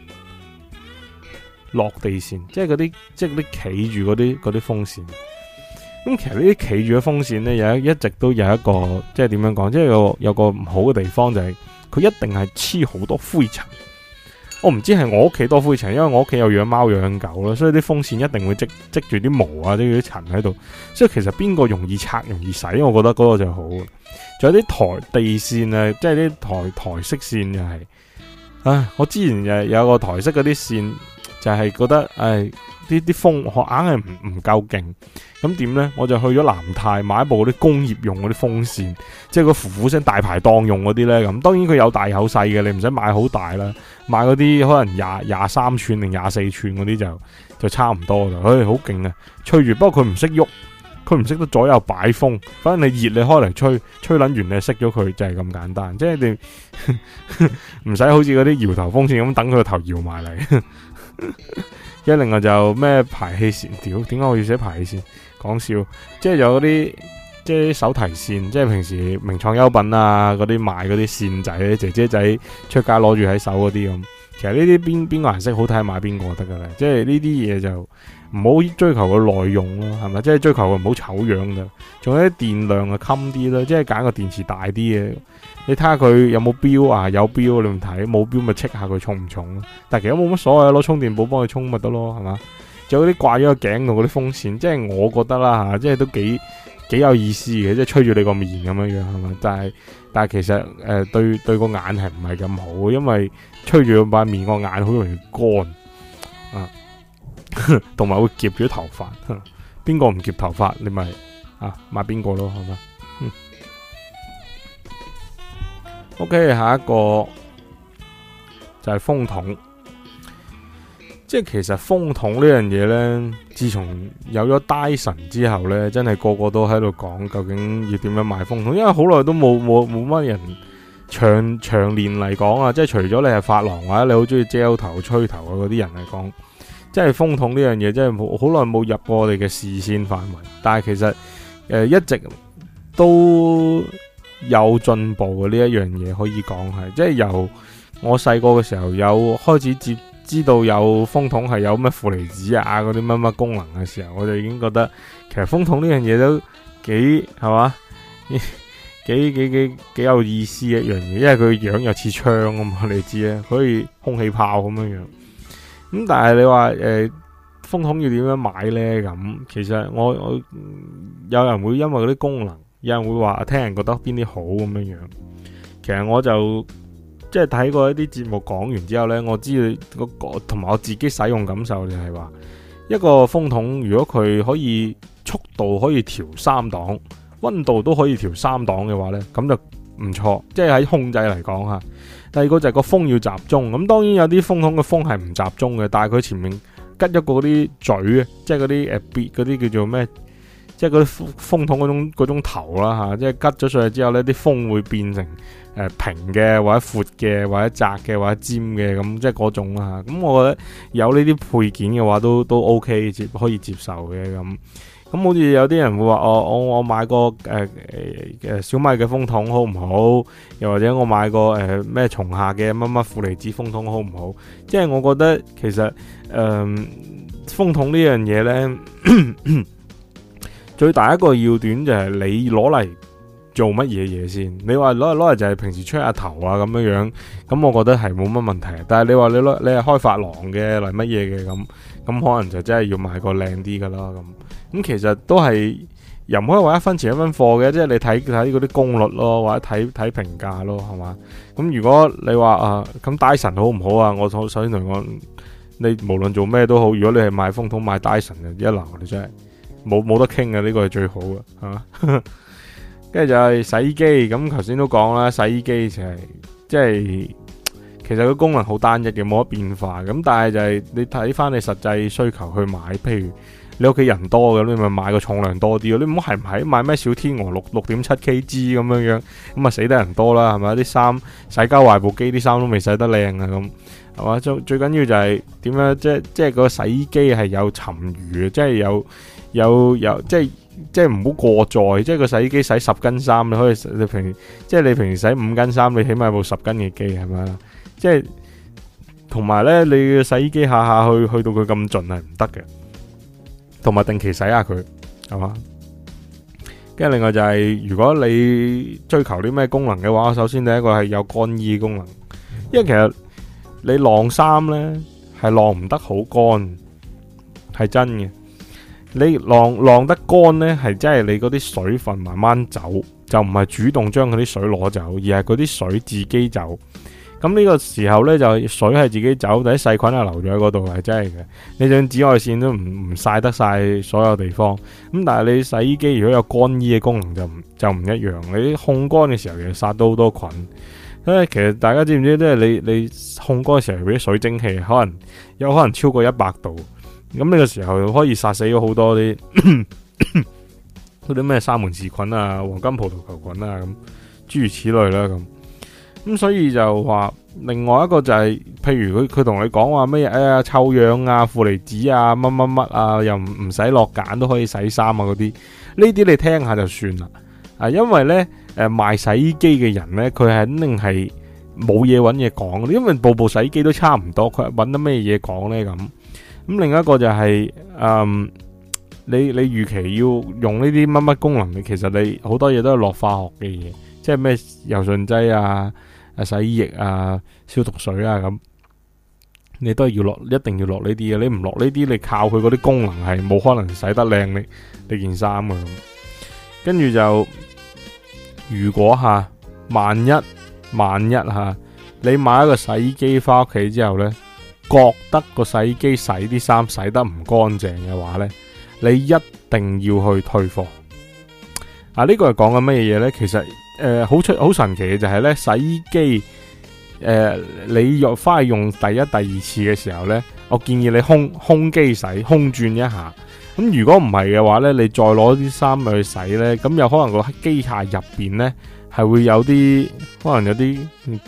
落地扇，即係嗰啲，即係啲企住嗰啲嗰啲風扇。咁其實呢啲企住嘅風扇咧，有一一直都有一個，即係點樣講，即係有有個唔好嘅地方就係，佢一定係黐好多灰塵。我唔知係我屋企多灰塵，因為我屋企有養貓養狗啦，所以啲風扇一定會積積住啲毛啊，啲啲塵喺度。所以其實邊個容易拆容易洗，我覺得嗰個就好。仲有啲台地扇啊，即係啲台台式扇就係、是。唉，我之前又有個台式嗰啲扇，就係覺得唉，啲啲風我硬係唔唔夠勁，咁點呢？我就去咗南泰買一部嗰啲工業用嗰啲風扇，即係個呼呼聲大排檔用嗰啲呢。咁。當然佢有大有細嘅，你唔使買好大啦，買嗰啲可能廿廿三吋定廿四吋嗰啲就就差唔多啦。唉，好勁啊，吹住，不過佢唔識喐。佢唔識得左右擺風，反正你熱你開嚟吹，吹捻完你熄咗佢就係咁簡單，即係你唔使好似嗰啲搖頭風扇咁等佢個頭搖埋嚟。一另外就咩排氣扇，屌點解我要寫排氣扇？講笑，即係有嗰啲即係手提扇，即係平時名創優品啊嗰啲賣嗰啲扇仔，姐姐仔出街攞住喺手嗰啲咁。其實呢啲邊邊個顏色好睇買邊個得噶啦，即係呢啲嘢，就唔好追求個耐用咯，係咪？即係追求佢唔好醜樣噶，仲有啲電量啊襟啲啦，即係揀個電池大啲嘅。你睇下佢有冇標啊？有標你咪睇，冇標咪 check 下佢重唔重。但係其實冇乜所謂，攞充電寶幫佢充咪得咯，係嘛？仲有啲掛咗個頸度嗰啲風扇，即係我覺得啦吓，即係都幾。幾有意思嘅，即係吹住你個面咁樣樣係嘛？但係但係其實誒、呃、對對個眼係唔係咁好？因為吹住個把面個眼好容易乾啊，同 *laughs* 埋會夾住頭髮，邊個唔夾頭髮你咪啊買邊個咯係嘛？嗯，OK 下一個就係、是、風筒。即係其實風筒呢樣嘢呢，自從有咗 Dyson 之後呢，真係個個都喺度講究竟要點樣買風筒，因為好耐都冇冇冇乜人長長年嚟講啊，即係除咗你係髮廊或者你好中意遮頭吹頭啊嗰啲人嚟講，即係風筒呢樣嘢，即係好耐冇入過我哋嘅視線範圍。但係其實誒、呃、一直都有進步嘅呢一樣嘢，可以講係，即係由我細個嘅時候有開始接。知道有風筒係有乜負離子啊嗰啲乜乜功能嘅時候，我就已經覺得其實風筒呢樣嘢都幾係嘛， *laughs* 幾幾幾幾有意思一樣嘢，因為佢樣又似槍咁，嘛，你知啊，可以空氣炮咁樣樣。咁、嗯、但係你話誒、呃、風筒要點樣買呢？咁其實我我有人會因為嗰啲功能，有人會話聽人覺得邊啲好咁樣樣。其實我就。即係睇過一啲節目講完之後呢，我知你個同埋我自己使用感受就係話，一個風筒如果佢可以速度可以調三檔，温度都可以調三檔嘅話呢，咁就唔錯。即係喺控制嚟講吓，第二個就係個風要集中。咁當然有啲風筒嘅風係唔集中嘅，但係佢前面吉咗個啲嘴，即係嗰啲誒，嗰啲叫做咩？即係嗰啲風筒嗰種嗰種頭啦吓、啊，即係吉咗上去之後咧，啲風會變成誒、呃、平嘅，或者闊嘅，或者窄嘅，或者尖嘅，咁即係嗰種啦咁、啊、我覺得有呢啲配件嘅話都都 OK 可接可以接受嘅，咁。咁好似有啲人會話、哦、我我我買個誒誒、呃、小米嘅風筒好唔好？又或者我買個誒咩、呃、松下嘅乜乜負離子風筒好唔好？即係我覺得其實誒、呃、風筒呢樣嘢咧。 *coughs* 最大一個要點就係你攞嚟做乜嘢嘢先？你話攞嚟攞嚟就係平時吹下頭啊咁樣樣，咁我覺得係冇乜問題。但係你話你攞你係開髮廊嘅嚟乜嘢嘅咁，咁可能就真係要買個靚啲㗎啦咁。咁其實都係又唔可以話一分錢一分貨嘅，即係你睇睇嗰啲功率咯，或者睇睇評價咯，係嘛？咁如果你話啊咁戴森好唔好啊？我首先同你講，你無論做咩都好，如果你係買風筒買戴森就一流，你真係。冇冇得傾嘅呢個係最好嘅係嘛，跟住 *laughs* 就係洗衣機咁。頭先都講啦，洗衣機就係即係其實個功能好單一嘅，冇乜變化。咁但係就係、是、你睇翻你實際需求去買，譬如你屋企人多嘅，你咪買個重量多啲嘅。你唔好係唔係買咩小天鵝六六點七 Kg 咁樣樣咁啊，死得人多啦，係咪？啲衫洗交壞部機，啲衫都未洗得靚嘅咁係嘛。最最緊要就係、是、點樣，即即係個洗衣機係有沉餘嘅，即係有。有有即係即係唔好過載，即係個洗衣機洗十斤衫，你可以你平即係你平時洗五斤衫，你起碼有部十斤嘅機係咪啊？即係同埋咧，你嘅洗衣機下下去去到佢咁盡係唔得嘅，同埋定期洗下佢係嘛。跟住另外就係如果你追求啲咩功能嘅話，首先第一個係有乾衣功能，因為其實你晾衫咧係晾唔得好乾係真嘅。你晾晾得乾呢，係真係你嗰啲水分慢慢走，就唔係主動將佢啲水攞走，而係嗰啲水自己走。咁呢個時候呢，就水係自己走，但係細菌係留咗喺嗰度，係真係嘅。你淨係紫外線都唔唔曬得晒所有地方。咁但係你洗衣機如果有乾衣嘅功能就唔就唔一樣。你控乾嘅時候其實殺到好多菌。因為其實大家知唔知即係你你控乾嘅時候，嗰啲水蒸氣可能有可能超過一百度。咁呢個時候可以殺死咗好多啲啲咩沙門氏菌啊、黃金葡萄球菌啊咁，諸如此類啦、啊、咁。咁所以就話另外一個就係、是，譬如佢佢同你講話咩？哎、啊、臭氧啊、負離子啊、乜乜乜啊，又唔使落鹼都可以洗衫啊嗰啲，呢啲你聽下就算啦。啊，因為呢誒賣洗衣機嘅人呢，佢肯定係冇嘢揾嘢講，因為部部洗衣機都差唔多，佢揾到咩嘢講呢？咁。咁另一個就係，嗯，你你預期要用呢啲乜乜功能，你其實你好多嘢都係落化學嘅嘢，即係咩柔順劑啊、啊洗衣液啊、消毒水啊咁，你都係要落，一定要落呢啲嘅。你唔落呢啲，你靠佢嗰啲功能係冇可能洗得靚你你件衫嘅。跟住就，如果吓，萬一萬一吓，你買一個洗衣機返屋企之後呢，覺得個洗衣機洗啲衫洗得唔乾淨嘅話呢，你一定要去退貨啊。呢個係講緊咩嘢呢？其實誒，好、呃、出好神奇嘅就係呢，洗衣機誒、呃，你若翻去用第一、第二次嘅時候呢，我建議你空空機洗，空轉一下。咁、啊、如果唔係嘅話呢，你再攞啲衫去洗呢，咁有可能個機械入邊呢係會有啲可能有啲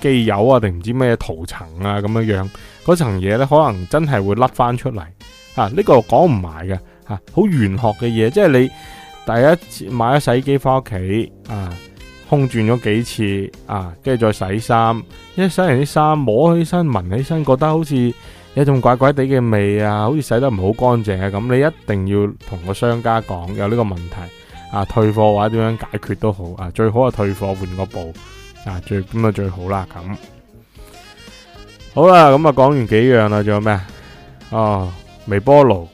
機油啊，定唔知咩塗層啊咁樣樣。嗰層嘢咧，可能真係會甩翻出嚟嚇，呢個講唔埋嘅嚇，好玄學嘅嘢，即係你第一次買咗洗機翻屋企啊，空轉咗幾次啊，跟住再洗衫，一洗完啲衫摸起身、聞起身，覺得好似有種怪怪地嘅味啊，好似洗得唔好乾淨啊，咁你一定要同個商家講有呢個問題啊，退貨或者點樣解決都好啊，最好啊退貨換個部啊，最咁啊最好啦咁。好啦，咁啊講完幾樣啦，仲有咩啊？哦，微波爐、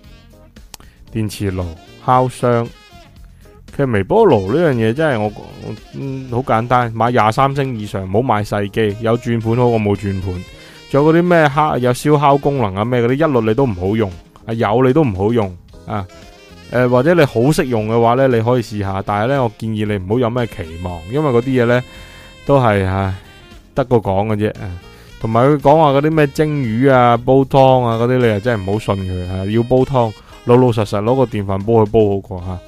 電磁爐、烤箱。其實微波爐呢樣嘢真係我我嗯好簡單，買廿三升以上，唔好買細機。有轉盤好過冇轉盤。仲有嗰啲咩烤有燒烤功能啊咩嗰啲，一律你都唔好用，有你都唔好用啊。誒、呃、或者你好識用嘅話呢，你可以試下，但係呢，我建議你唔好有咩期望，因為嗰啲嘢呢都係唉、啊，得個講嘅啫。同埋佢講話嗰啲咩蒸魚啊、煲湯啊嗰啲，你又真係唔好信佢嚇。要煲湯，老老實實攞個電飯煲去煲好過嚇。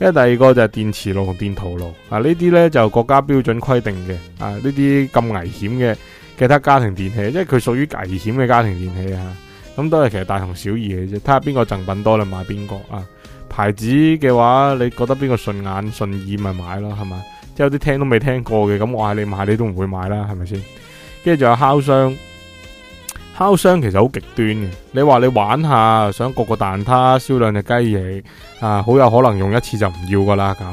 因、啊、為第二個就係電磁爐同電陶爐啊，呢啲呢，就是、國家標準規定嘅啊，呢啲咁危險嘅其他家庭電器，因為佢屬於危險嘅家庭電器啊。咁都係其實大同小異嘅啫，睇下邊個贈品多，你買邊個啊？牌子嘅話，你覺得邊個順眼順意咪買咯，係咪？即係有啲聽都未聽過嘅，咁我嗌你買，你都唔會買啦，係咪先？跟住仲有烤箱，烤箱其實好極端嘅。你話你玩下，想焗個蛋撻，燒兩隻雞翼，啊，好有可能用一次就唔要噶啦咁。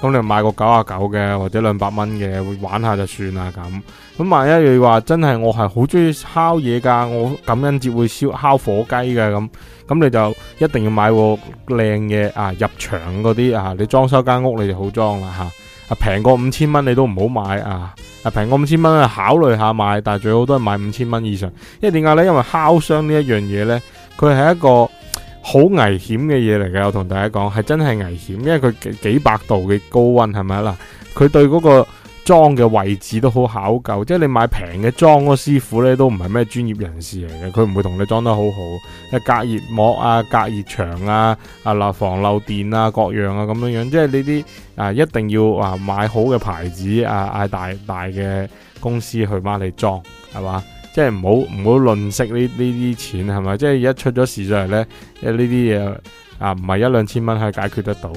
咁、啊、你買個九十九嘅，或者兩百蚊嘅，會玩下就算啦咁。咁、啊、萬一你話真係我係好中意烤嘢噶，我感恩節會燒烤火雞嘅咁，咁、啊、你就一定要買個靚嘅啊，入場嗰啲啊，你裝修間屋你就好裝啦吓。啊啊平過五千蚊你都唔好買啊！啊平過五千蚊啊考慮下買，但係最好都係買五千蚊以上，因為點解呢？因為烤箱呢一樣嘢呢，佢係一個好危險嘅嘢嚟嘅，我同大家講係真係危險，因為佢幾百度嘅高溫係咪嗱？佢對嗰個。裝嘅位置都好考究，即係你買平嘅裝嗰師傅咧都唔係咩專業人士嚟嘅，佢唔會同你裝得好好，隔熱膜啊、隔熱牆啊、啊防漏電啊各樣啊咁樣樣，即係呢啲啊一定要啊買好嘅牌子啊，嗌大大嘅公司去幫你裝，係嘛？即係唔好唔好吝嗇呢呢啲錢係咪？即係一出咗事出嚟咧，呢啲嘢啊唔係一兩千蚊可以解決得到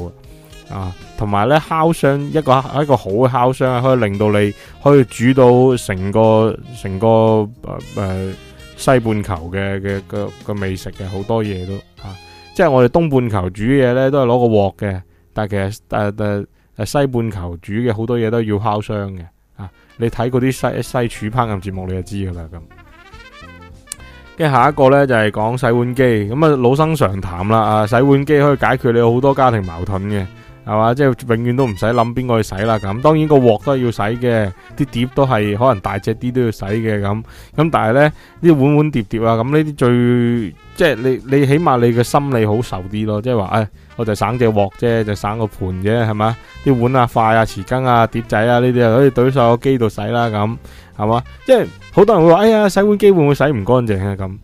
啊。同埋咧，烤箱一個一個好嘅烤箱，可以令到你可以煮到成個成個誒、呃、西半球嘅嘅嘅嘅美食嘅好多嘢都吓、啊，即係我哋東半球煮嘢咧，都係攞個鑊嘅。但係其實誒誒誒西半球煮嘅好多嘢都要烤箱嘅吓、啊。你睇嗰啲西西廚烹飪節目你就知噶啦咁。跟住下一個咧就係、是、講洗碗機咁啊，老生常談啦啊，洗碗機可以解決你好多家庭矛盾嘅。係嘛，即係永遠都唔使諗邊個去洗啦。咁當然個鑊都，都，都要洗嘅，啲碟都係可能大隻啲都要洗嘅咁。咁但係咧啲碗碗碟碟啊，咁呢啲最即係你你起碼你嘅心理好受啲咯，即係話誒，我就省隻鑊啫，就省個盤啫，係嘛？啲碗啊筷啊匙羹啊碟仔啊呢啲啊可以懟晒個機度洗啦，咁係嘛？即係好多人會話，哎呀，洗碗機會唔會洗唔乾淨啊？咁。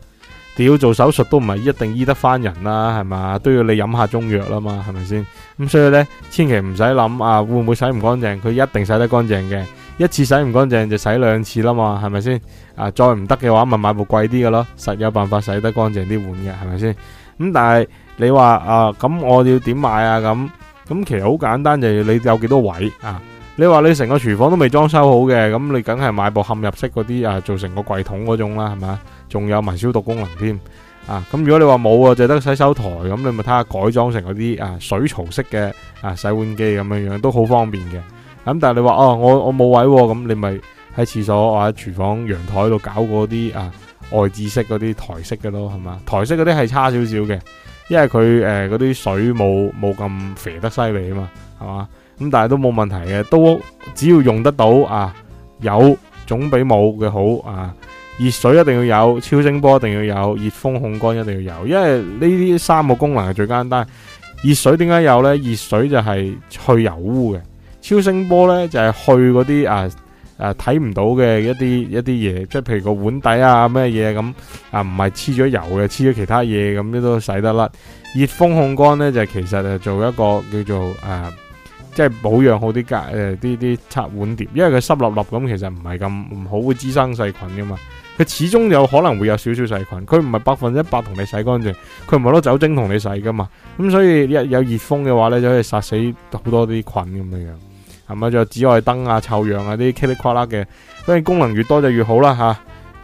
你要做手術都唔係一定醫得翻人啦，係嘛？都要你飲下中藥啦嘛，係咪先？咁所以呢，千祈唔使諗啊，會唔會洗唔乾淨？佢一定洗得乾淨嘅，一次洗唔乾淨就洗兩次啦嘛，係咪先？啊，再唔得嘅話，咪買部貴啲嘅咯，實有辦法洗得乾淨啲碗嘅，係咪先？咁但係你話啊，咁我要點買啊？咁咁其實好簡單，就要你有幾多位啊？你話你成個廚房都未裝修好嘅，咁你梗係買部嵌入式嗰啲啊，做成個櫃桶嗰種啦，係嘛？仲有埋消毒功能添啊！咁如果你話冇啊，就得洗手台，咁你咪睇下改裝成嗰啲啊水槽式嘅啊洗碗機咁樣樣都好方便嘅。咁、啊、但係你話哦、啊，我我冇位、啊，咁你咪喺廁所或者廚房陽台度搞嗰啲啊外置式嗰啲台式嘅咯，係嘛？台式嗰啲係差少少嘅，因為佢誒嗰啲水冇冇咁肥得犀利啊嘛，係嘛？咁但係都冇問題嘅，都只要用得到啊，有總比冇嘅好啊！熱水一定要有，超聲波一定要有，熱風控乾一定要有，因為呢啲三個功能係最簡單。熱水點解有呢？熱水就係去油污嘅，超聲波呢就係、是、去嗰啲啊啊睇唔到嘅一啲一啲嘢，即係譬如個碗底啊咩嘢咁啊，唔係黐咗油嘅，黐咗其他嘢咁都洗得甩。熱風控乾呢，就是、其實係做一個叫做啊。即係保養好啲架誒，啲啲刷碗碟，因為佢濕粒粒咁，其實唔係咁唔好會滋生細菌噶嘛。佢始終有可能會有少少細菌，佢唔係百分之一百同你洗乾淨，佢唔係攞酒精同你洗噶嘛。咁所以有有熱風嘅話咧，就可以殺死好多啲菌咁樣樣。係咪仲有紫外燈啊、臭氧啊啲嘰里呱啦嘅？所以功能越多就越好啦吓。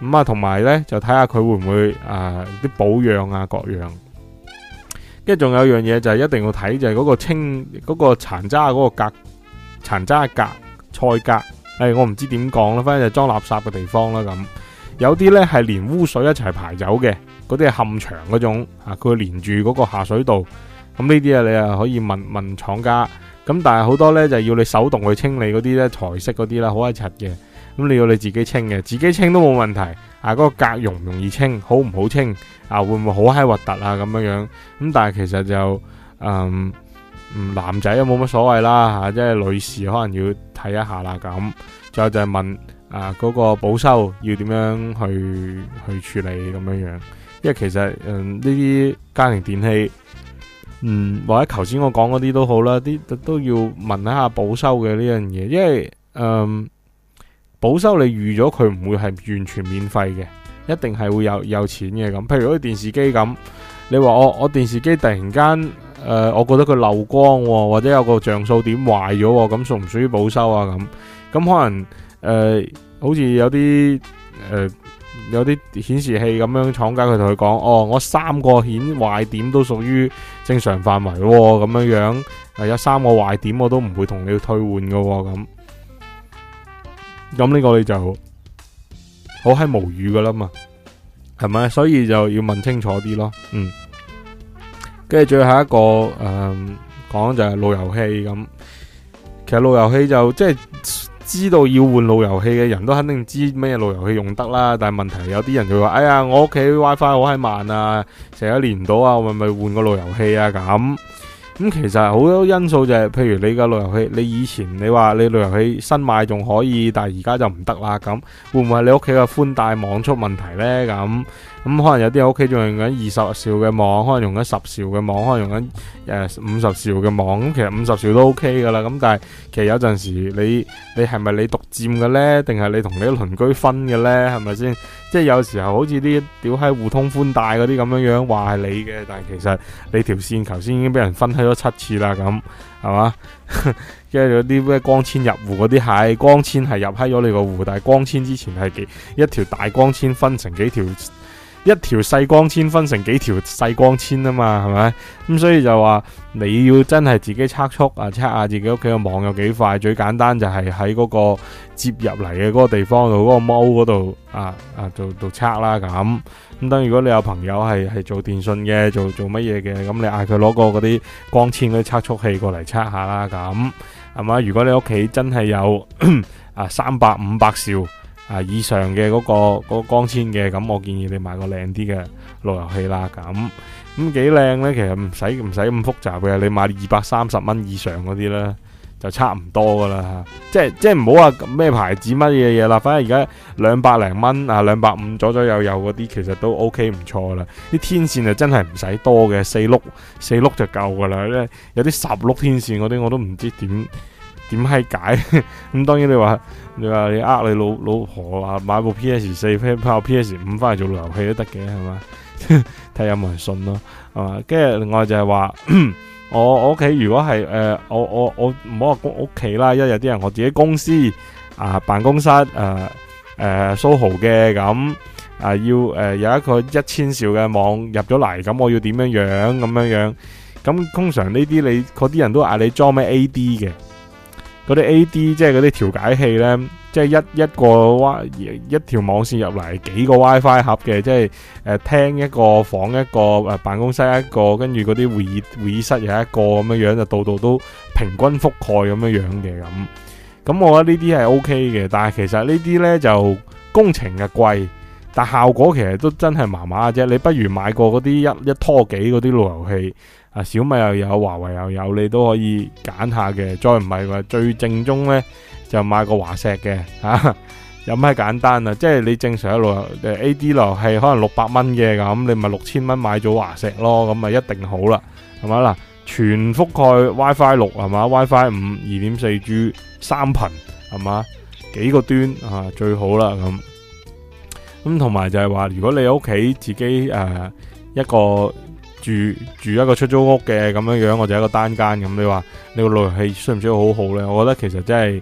咁啊，同埋咧就睇下佢會唔會啊啲保養啊各樣。跟住仲有樣嘢就係一定要睇就係、是、嗰個清嗰、嗰個殘渣嗰、嗰個格殘渣格菜格，誒、欸、我唔知點講啦，反正就裝垃圾嘅地方啦咁。有啲呢係連污水一齊排走嘅，嗰啲係冚牆嗰種嚇，佢連住嗰個下水道。咁呢啲啊，你啊可以問問廠家。咁但係好多呢，就是、要你手動去清理嗰啲呢，材質嗰啲啦，好翳柒嘅。咁你要你自己清嘅，自己清都冇問題。啊！嗰、那個格容唔容易清，好唔好清啊？會唔會好閪核突啊？咁樣樣咁，但係其實就嗯嗯男仔都冇乜所謂啦嚇、啊，即係女士可能要睇一下啦咁。再就係問啊嗰、那個保修要點樣去去處理咁樣樣，因為其實嗯呢啲家庭電器嗯或者頭先我講嗰啲都好啦，啲都要問一下保修嘅呢樣嘢，因為嗯。保修你預咗佢唔會係完全免費嘅，一定係會有有錢嘅咁。譬如好似電視機咁，你話我我電視機突然間誒、呃，我覺得佢漏光、哦、或者有個像素點壞咗，咁屬唔屬於保修啊？咁咁可能誒、呃，好似有啲誒、呃、有啲顯示器咁樣廠家佢同佢講，哦，我三個顯壞點都屬於正常範圍喎、哦，咁樣樣誒，有三個壞點我都唔會同你去退換嘅喎咁。咁呢個你就好係無語噶啦嘛，係咪？所以就要問清楚啲咯。嗯，跟住最後一個誒、呃，講就係路由器咁、嗯。其實路由器就即係知道要換路由器嘅人都肯定知咩路由器用得啦。但係問題有啲人就話：哎呀，我屋企 WiFi 好係慢啊，成日連唔到啊，我咪咪換個路由器啊咁。咁其實好多因素就係、是，譬如你個路由器，你以前你話你路由器新買仲可以，但係而家就唔得啦咁，會唔會係你屋企嘅寬帶網速問題呢？咁？咁、嗯、可能有啲人屋企仲用緊二十兆嘅網，可能用緊十兆嘅網，可能用緊誒五十兆嘅網。咁其實五十兆都 OK 噶啦。咁但係其實有陣時你你係咪你獨佔嘅呢？定係你同你啲鄰居分嘅呢？係咪先？即係有時候好似啲屌閪互通寬帶嗰啲咁樣樣，話係你嘅，但係其實你條線頭先已經俾人分開咗七次啦，咁係嘛？即係有啲咩光纖入戶嗰啲，係光纖係入開咗你個戶，但係光纖之前係幾一條大光纖分成幾條。一條細光纖分成幾條細光纖啊嘛，係咪？咁所以就話你要真係自己測速啊，測下自己屋企個網有幾快。最簡單就係喺嗰個接入嚟嘅嗰個地方度，嗰個貓嗰度啊啊，度度測啦咁。咁等如果你有朋友係係做電信嘅，做做乜嘢嘅，咁你嗌佢攞個嗰啲光纖嗰啲測速器過嚟測下啦咁。係嘛，如果你屋企真係有 *coughs* 啊三百五百兆。啊！以上嘅嗰、嗰個嗰個光纖嘅，咁我建議你買個靚啲嘅路由器啦。咁咁幾靚呢？其實唔使唔使咁複雜嘅，你買二百三十蚊以上嗰啲呢，就差唔多噶啦、啊。即係即係唔好話咩牌子乜嘢嘢啦。反正而家兩百零蚊啊，兩百五左左右右嗰啲，其實都 OK 唔錯啦。啲天線就真係唔使多嘅，四碌四碌就夠噶啦。有啲十碌天線嗰啲，我都唔知點。點係解咁？ *laughs* 當然你話你話你呃你老老婆啊，買部 P.S. 四 p a i P.S. 五翻嚟做遊戲都得嘅，係嘛睇有冇人信咯，係嘛。跟住另外就係話 *coughs* 我我屋企如果係誒、呃，我我我唔好話屋企啦，因為有啲人我自己公司啊、呃、辦公室誒誒、呃呃、soho 嘅，咁啊、呃、要誒、呃、有一個一千兆嘅網入咗嚟咁，我要點樣樣咁樣樣咁？通常呢啲你嗰啲人都嗌你裝咩 A.D. 嘅。嗰啲 A.D. 即係嗰啲調解器呢，即係一一個 w 一,一條網線入嚟幾個 WiFi 盒嘅，即係誒、呃、聽一個房一個誒、呃、辦公室一個，跟住嗰啲會議會議室又一個咁樣樣，就度度都平均覆蓋咁樣樣嘅咁。咁我覺得呢啲係 O.K. 嘅，但係其實呢啲呢就工程嘅貴，但效果其實都真係麻麻啫。你不如買過嗰啲一一拖幾嗰啲路由器。啊！小米又有，華為又有，你都可以揀下嘅。再唔係話最正宗呢，就買個華碩嘅嚇，有、啊、咩 *laughs* 簡單啊？即係你正常一路誒 AD 流係可能六百蚊嘅咁，你咪六千蚊買咗華碩咯，咁咪一定好啦，係咪？嗱？全覆蓋 WiFi 六係嘛，WiFi 五二點四 G 三頻係嘛，幾個端啊最好啦咁。咁同埋就係話，如果你屋企自己誒、呃、一個。住住一個出租屋嘅咁樣樣，我就一個單間咁。你話你個路由器需唔需要好好呢？我覺得其實真係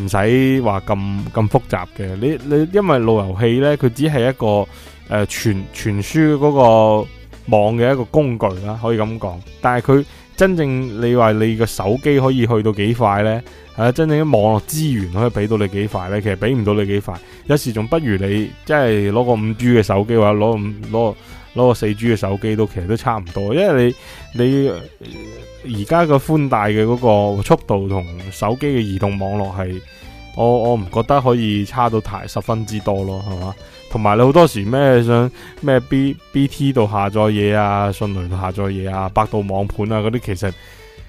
唔使話咁咁複雜嘅。你你因為路由器呢，佢只係一個誒傳傳輸嗰個網嘅一個工具啦，可以咁講。但係佢真正你話你個手機可以去到幾快呢？誒、啊，真正啲網絡資源可以俾到你幾快呢？其實俾唔到你幾快，有時仲不如你即係攞個五 G 嘅手機或者攞攞。嗰個四 G 嘅手機都其實都差唔多，因為你你而家個寬帶嘅嗰個速度同手機嘅移動網絡係，我我唔覺得可以差到太十分之多咯，係嘛？同埋你好多時咩想咩 B B T 度下載嘢啊，迅雷度下載嘢啊，百度網盤啊嗰啲，其實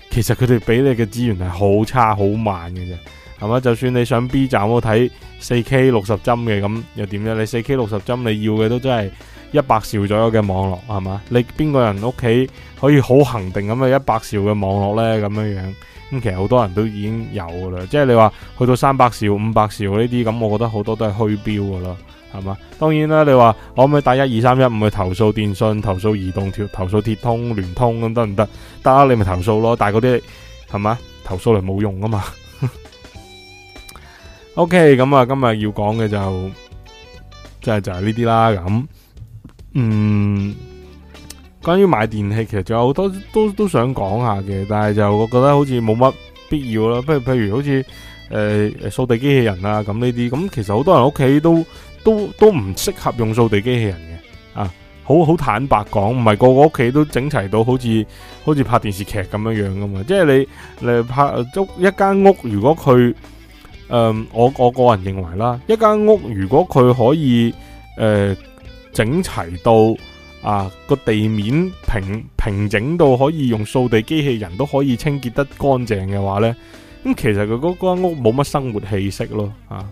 其實佢哋俾你嘅資源係好差好慢嘅啫，係嘛？就算你上 B 站我睇四 K 六十幀嘅咁又點樣？你四 K 六十幀你要嘅都真係～一百兆左右嘅網絡係嘛？你邊個人屋企可以好恒定咁嘅一百兆嘅網絡呢？咁樣樣咁、嗯，其實好多人都已經有㗎啦。即係你話去到三百兆、五百兆呢啲咁，我覺得好多都係虛標㗎啦，係嘛？當然啦，你話可唔可以打一二三一五去投訴電信、投訴移動、投訴動投訴鐵通、聯通咁得唔得？得、啊、你咪投訴咯。但係嗰啲係嘛？投訴嚟冇用㗎嘛。 *laughs* OK，咁啊，今日要講嘅就即係就係呢啲啦咁。嗯，關於買電器，其實仲有好多都都想講下嘅，但係就我覺得好似冇乜必要啦。譬如譬如，如好似誒掃地機器人啊咁呢啲，咁、嗯、其實好多人屋企都都都唔適合用掃地機器人嘅啊，好好坦白講，唔係個個屋企都整齊到好似好似拍電視劇咁樣樣噶嘛。即、就、係、是、你你拍一間屋，如果佢誒、呃，我我個人認為啦，一間屋如果佢可以誒。呃整齊到啊個地面平平整到可以用掃地機器人都可以清潔得乾淨嘅話呢，咁、嗯、其實佢嗰間屋冇乜生活氣息咯，吓、啊，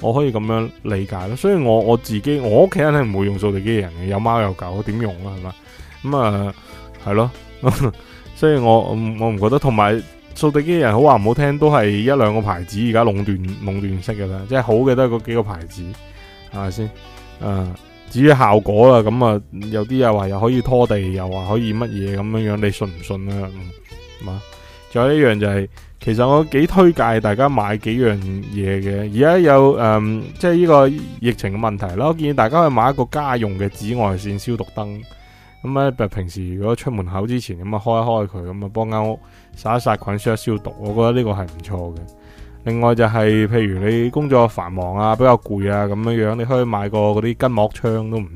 我可以咁樣理解咯。所以我我自己我屋企人係唔會用掃地機器人嘅，有貓有狗點用啊，係嘛，咁啊係咯， *laughs* 所以我我唔覺得同埋掃地機器人好話唔好聽都係一兩個牌子而家壟斷壟斷式嘅啦，即係好嘅都係嗰幾個牌子，係咪先啊？先啊至於效果啦，咁啊有啲又話又可以拖地，又話可以乜嘢咁樣樣，你信唔信啊？嘛、嗯，仲有呢樣就係、是，其實我幾推介大家買幾樣嘢嘅。而家有誒，即係呢個疫情嘅問題啦，我建議大家去買一個家用嘅紫外線消毒燈。咁咧，平時如果出門口之前咁啊開開佢，咁啊幫間屋殺一殺菌、消一消毒，我覺得呢個係唔錯嘅。另外就係，譬如你工作繁忙啊，比較攰啊咁樣樣，你可以買個嗰啲筋膜槍都唔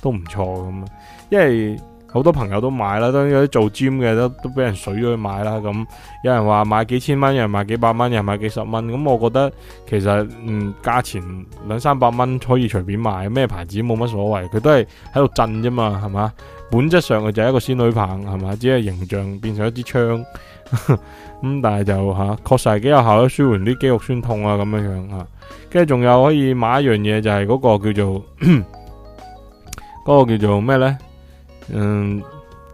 都唔錯咁。因為好多朋友都買啦，都有啲做 gym 嘅都都俾人水咗去買啦咁。有人話買幾千蚊，有人買幾百蚊，有人買幾十蚊。咁我覺得其實嗯價錢兩三百蚊可以隨便買，咩牌子冇乜所謂，佢都係喺度震啫嘛，係嘛？本質上佢就係一個仙女棒係嘛，只係形象變成一支槍。咁 *laughs* 但係就吓，確實係幾有效，咧舒緩啲肌肉酸痛啊，咁樣樣啊。跟住仲有可以買一樣嘢，就係嗰個叫做嗰個叫做咩咧？嗯，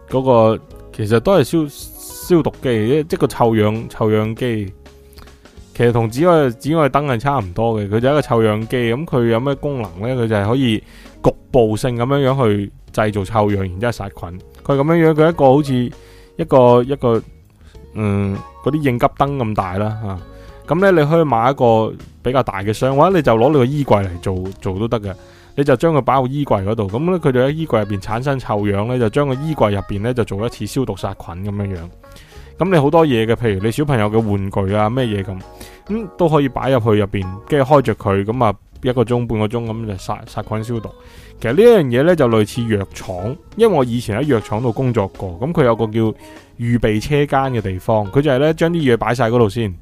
嗰個其實都係消消毒機，即個臭氧臭氧機。其實同紫外紫外燈係差唔多嘅，佢就係一個臭氧機。咁佢有咩功能咧？佢就係可以局部性咁樣樣去製造臭氧，然之後殺菌。佢咁樣樣，佢一個好似一個一個。一個一個嗯，嗰啲應急燈咁大啦，吓咁咧，你可以買一個比較大嘅箱，或者你就攞你個衣櫃嚟做做都得嘅。你就將佢擺喺衣櫃嗰度，咁咧佢就喺衣櫃入邊產生臭氧咧，就將個衣櫃入邊咧就做一次消毒殺菌咁樣樣。咁你好多嘢嘅，譬如你小朋友嘅玩具啊，咩嘢咁，咁、嗯、都可以擺入去入邊，跟住開着佢，咁啊一個鐘半個鐘咁就殺殺菌消毒。其實呢一樣嘢咧就類似藥廠，因為我以前喺藥廠度工作過，咁佢有個叫。預備車間嘅地方，佢就係咧將啲嘢擺晒嗰度先，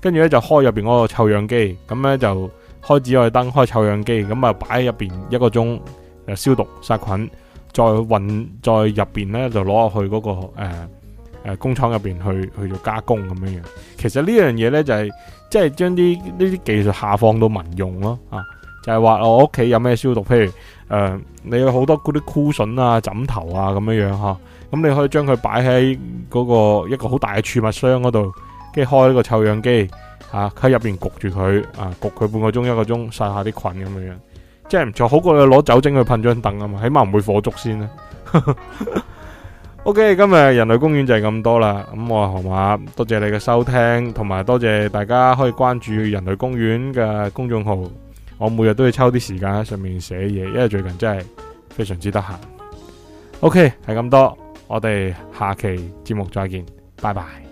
跟住咧就開入邊嗰個臭氧機，咁咧就開紫外燈，開臭氧機，咁啊擺喺入邊一個鐘，誒消毒殺菌，再運再入邊咧就攞落去嗰、那個誒、呃呃、工廠入邊去去做加工咁樣樣。其實呢樣嘢咧就係、是、即係將啲呢啲技術下放到民用咯，啊就係、是、話我屋企有咩消毒，譬如誒、呃、你有好多嗰啲咕 𠱸 啊、枕頭啊咁樣樣嚇。啊咁你可以將佢擺喺嗰個一個好大嘅儲物箱嗰度，跟住開呢個臭氧機，吓喺入邊焗住佢，啊焗佢、啊、半個鐘一個鐘，晒下啲菌咁嘅樣，即係唔錯，好過你攞酒精去噴張凳啊嘛，起碼唔會火燭先啦。 *laughs* o、okay, K，今日人類公園就係咁多啦。咁我好嘛多謝你嘅收聽，同埋多謝大家可以關注人類公園嘅公眾號。我每日都要抽啲時間喺上面寫嘢，因為最近真係非常之得閒。O K，係咁多。我哋下期節目再見，拜拜。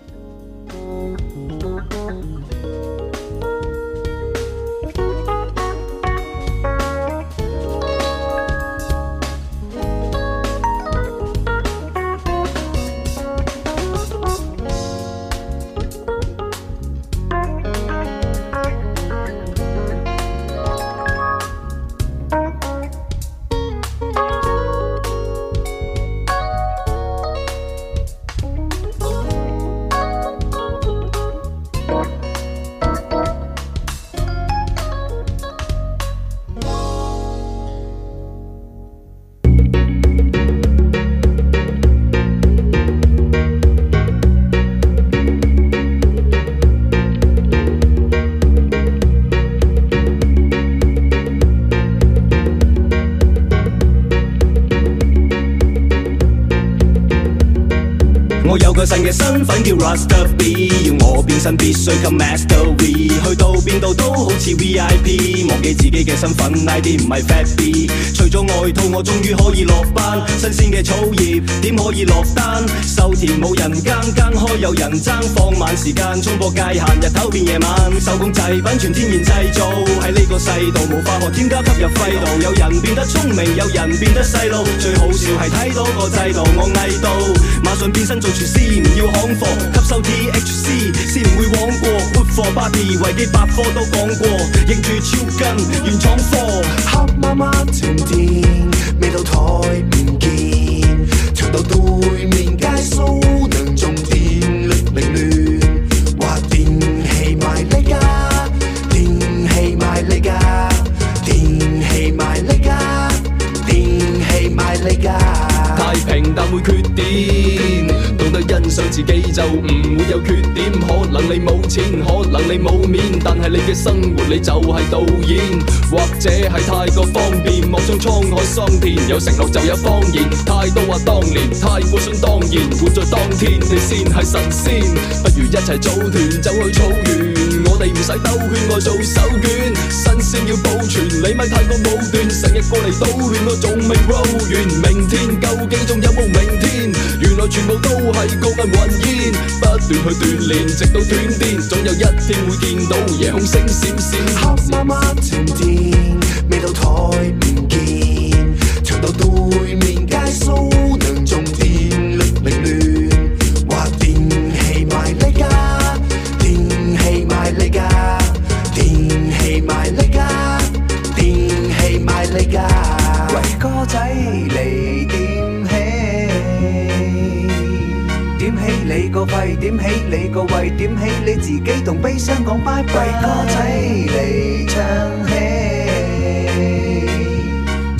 嘅身份叫 Rasta B，要我變身必須給 Master V，去到邊度都好似 VIP，忘記自己嘅身份 ID 唔係 Fat B。除咗外套，我終於可以落班。新鮮嘅草葉點可以落單？收田冇人耕，耕開有人爭。放慢時間，衝破界限，日頭變夜晚。手工製品，全天然製造，喺呢個世道冇化學添加吸入肺道。有人變得聰明，有人變得細路，最好笑係睇到個制度，我偽到，馬上變身做廚師。要行貨吸收 THC 先唔會枉過，Before Body 維基百科都講過，認住超筋原廠貨，黑媽媽停電，未到台面見，長到對面街。想自己就唔會有缺點，可能你冇錢，可能你冇面，但係你嘅生活你就係導演，或者係太過方便，望向滄海桑田，有承諾就有謊言，太多話、啊、當年，太過想當然，活在當天，你先係神仙，不如一齊組團走去草原。我哋唔使兜圈，我做手卷，新鮮要保存，你咪太過武斷。成日過嚟搗亂，我仲未 roll 完。明天究竟仲有冇明天？原來全部都係高溫雲煙，不斷去鍛煉，直到斷電，總有一天會見到夜空星閃閃，黑麻麻晴天，未到台面見，長到對面街蘇能仲。點起你個位，點起你自己同悲傷講拜拜，歌仔嚟唱起。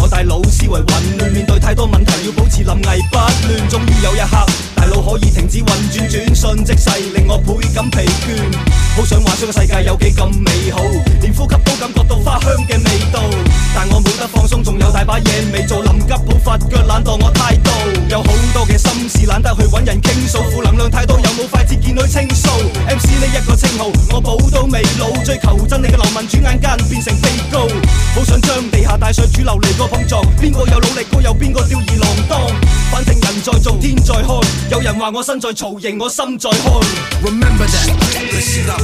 我大腦思維混亂，面對太多問題，要保持臨危不亂。終於有一刻，大腦可以停止運轉，轉，轉瞬即逝，令我倍感疲倦。好想話說個世界有幾咁美好，連呼吸都感覺到花香嘅味道。但我冇得放鬆，仲有大把嘢未做，臨急抱佛腳懶惰我態度。有好多嘅心事懶得去揾人傾訴，負能量太多又冇快捷見女傾訴。MC 呢一個稱號，我保到未老，追求真理嘅流民轉眼間變成被告。好想將地下帶上主流嚟個碰撞，邊個有努力過有邊個吊兒郎當？反正人在做天在看，有人話我身在曹營我心在看。Remember that。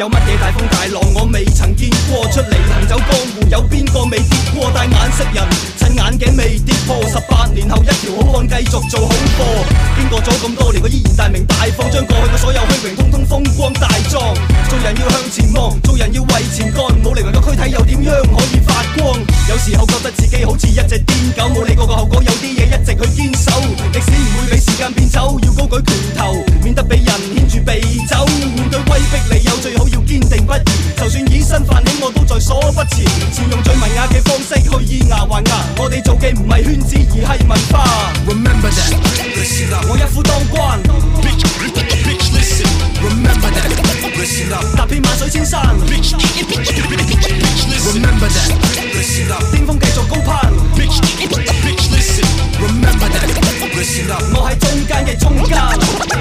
有乜嘢大風大浪，我未曾見過，出嚟行走江湖，有邊個未跌過？戴眼識人，趁眼鏡未跌破。十八年後一條好漢，繼續做好波。經過咗咁多年，我依然大名大方，將過去嘅所有虛榮，通通風光大葬。做人要向前望，做人要為前幹，冇力量個軀體又點樣可以發光？有時候覺得自己好似一隻癲狗，冇理過個後果，有啲嘢一直去堅守，歷史唔會俾時間變走，要高舉拳頭，免得俾。就算以身犯險，我都在所不辭。善用最文雅嘅方式去以牙還牙。我哋做嘅唔係圈子，而係文化。Remember that，我一夫當關，Remember that，踏遍萬水千山，Remember that，頂峰繼續高攀。Remember that，我喺中間嘅中間。 *laughs*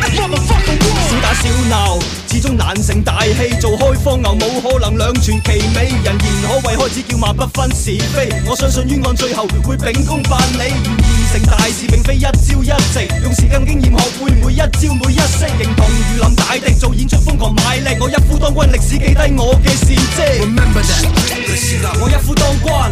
成大器做開荒牛，冇可能兩全其美。人言可畏，開始叫罵不分是非。我相信冤案最後會秉公辦理。要完成大事並非一朝一夕，用時間經驗學會每一朝每一夕。認同如臨大敵做演出，瘋狂賣力。我一夫當關，歷史記低我嘅戰績。Remember that 我一夫當關。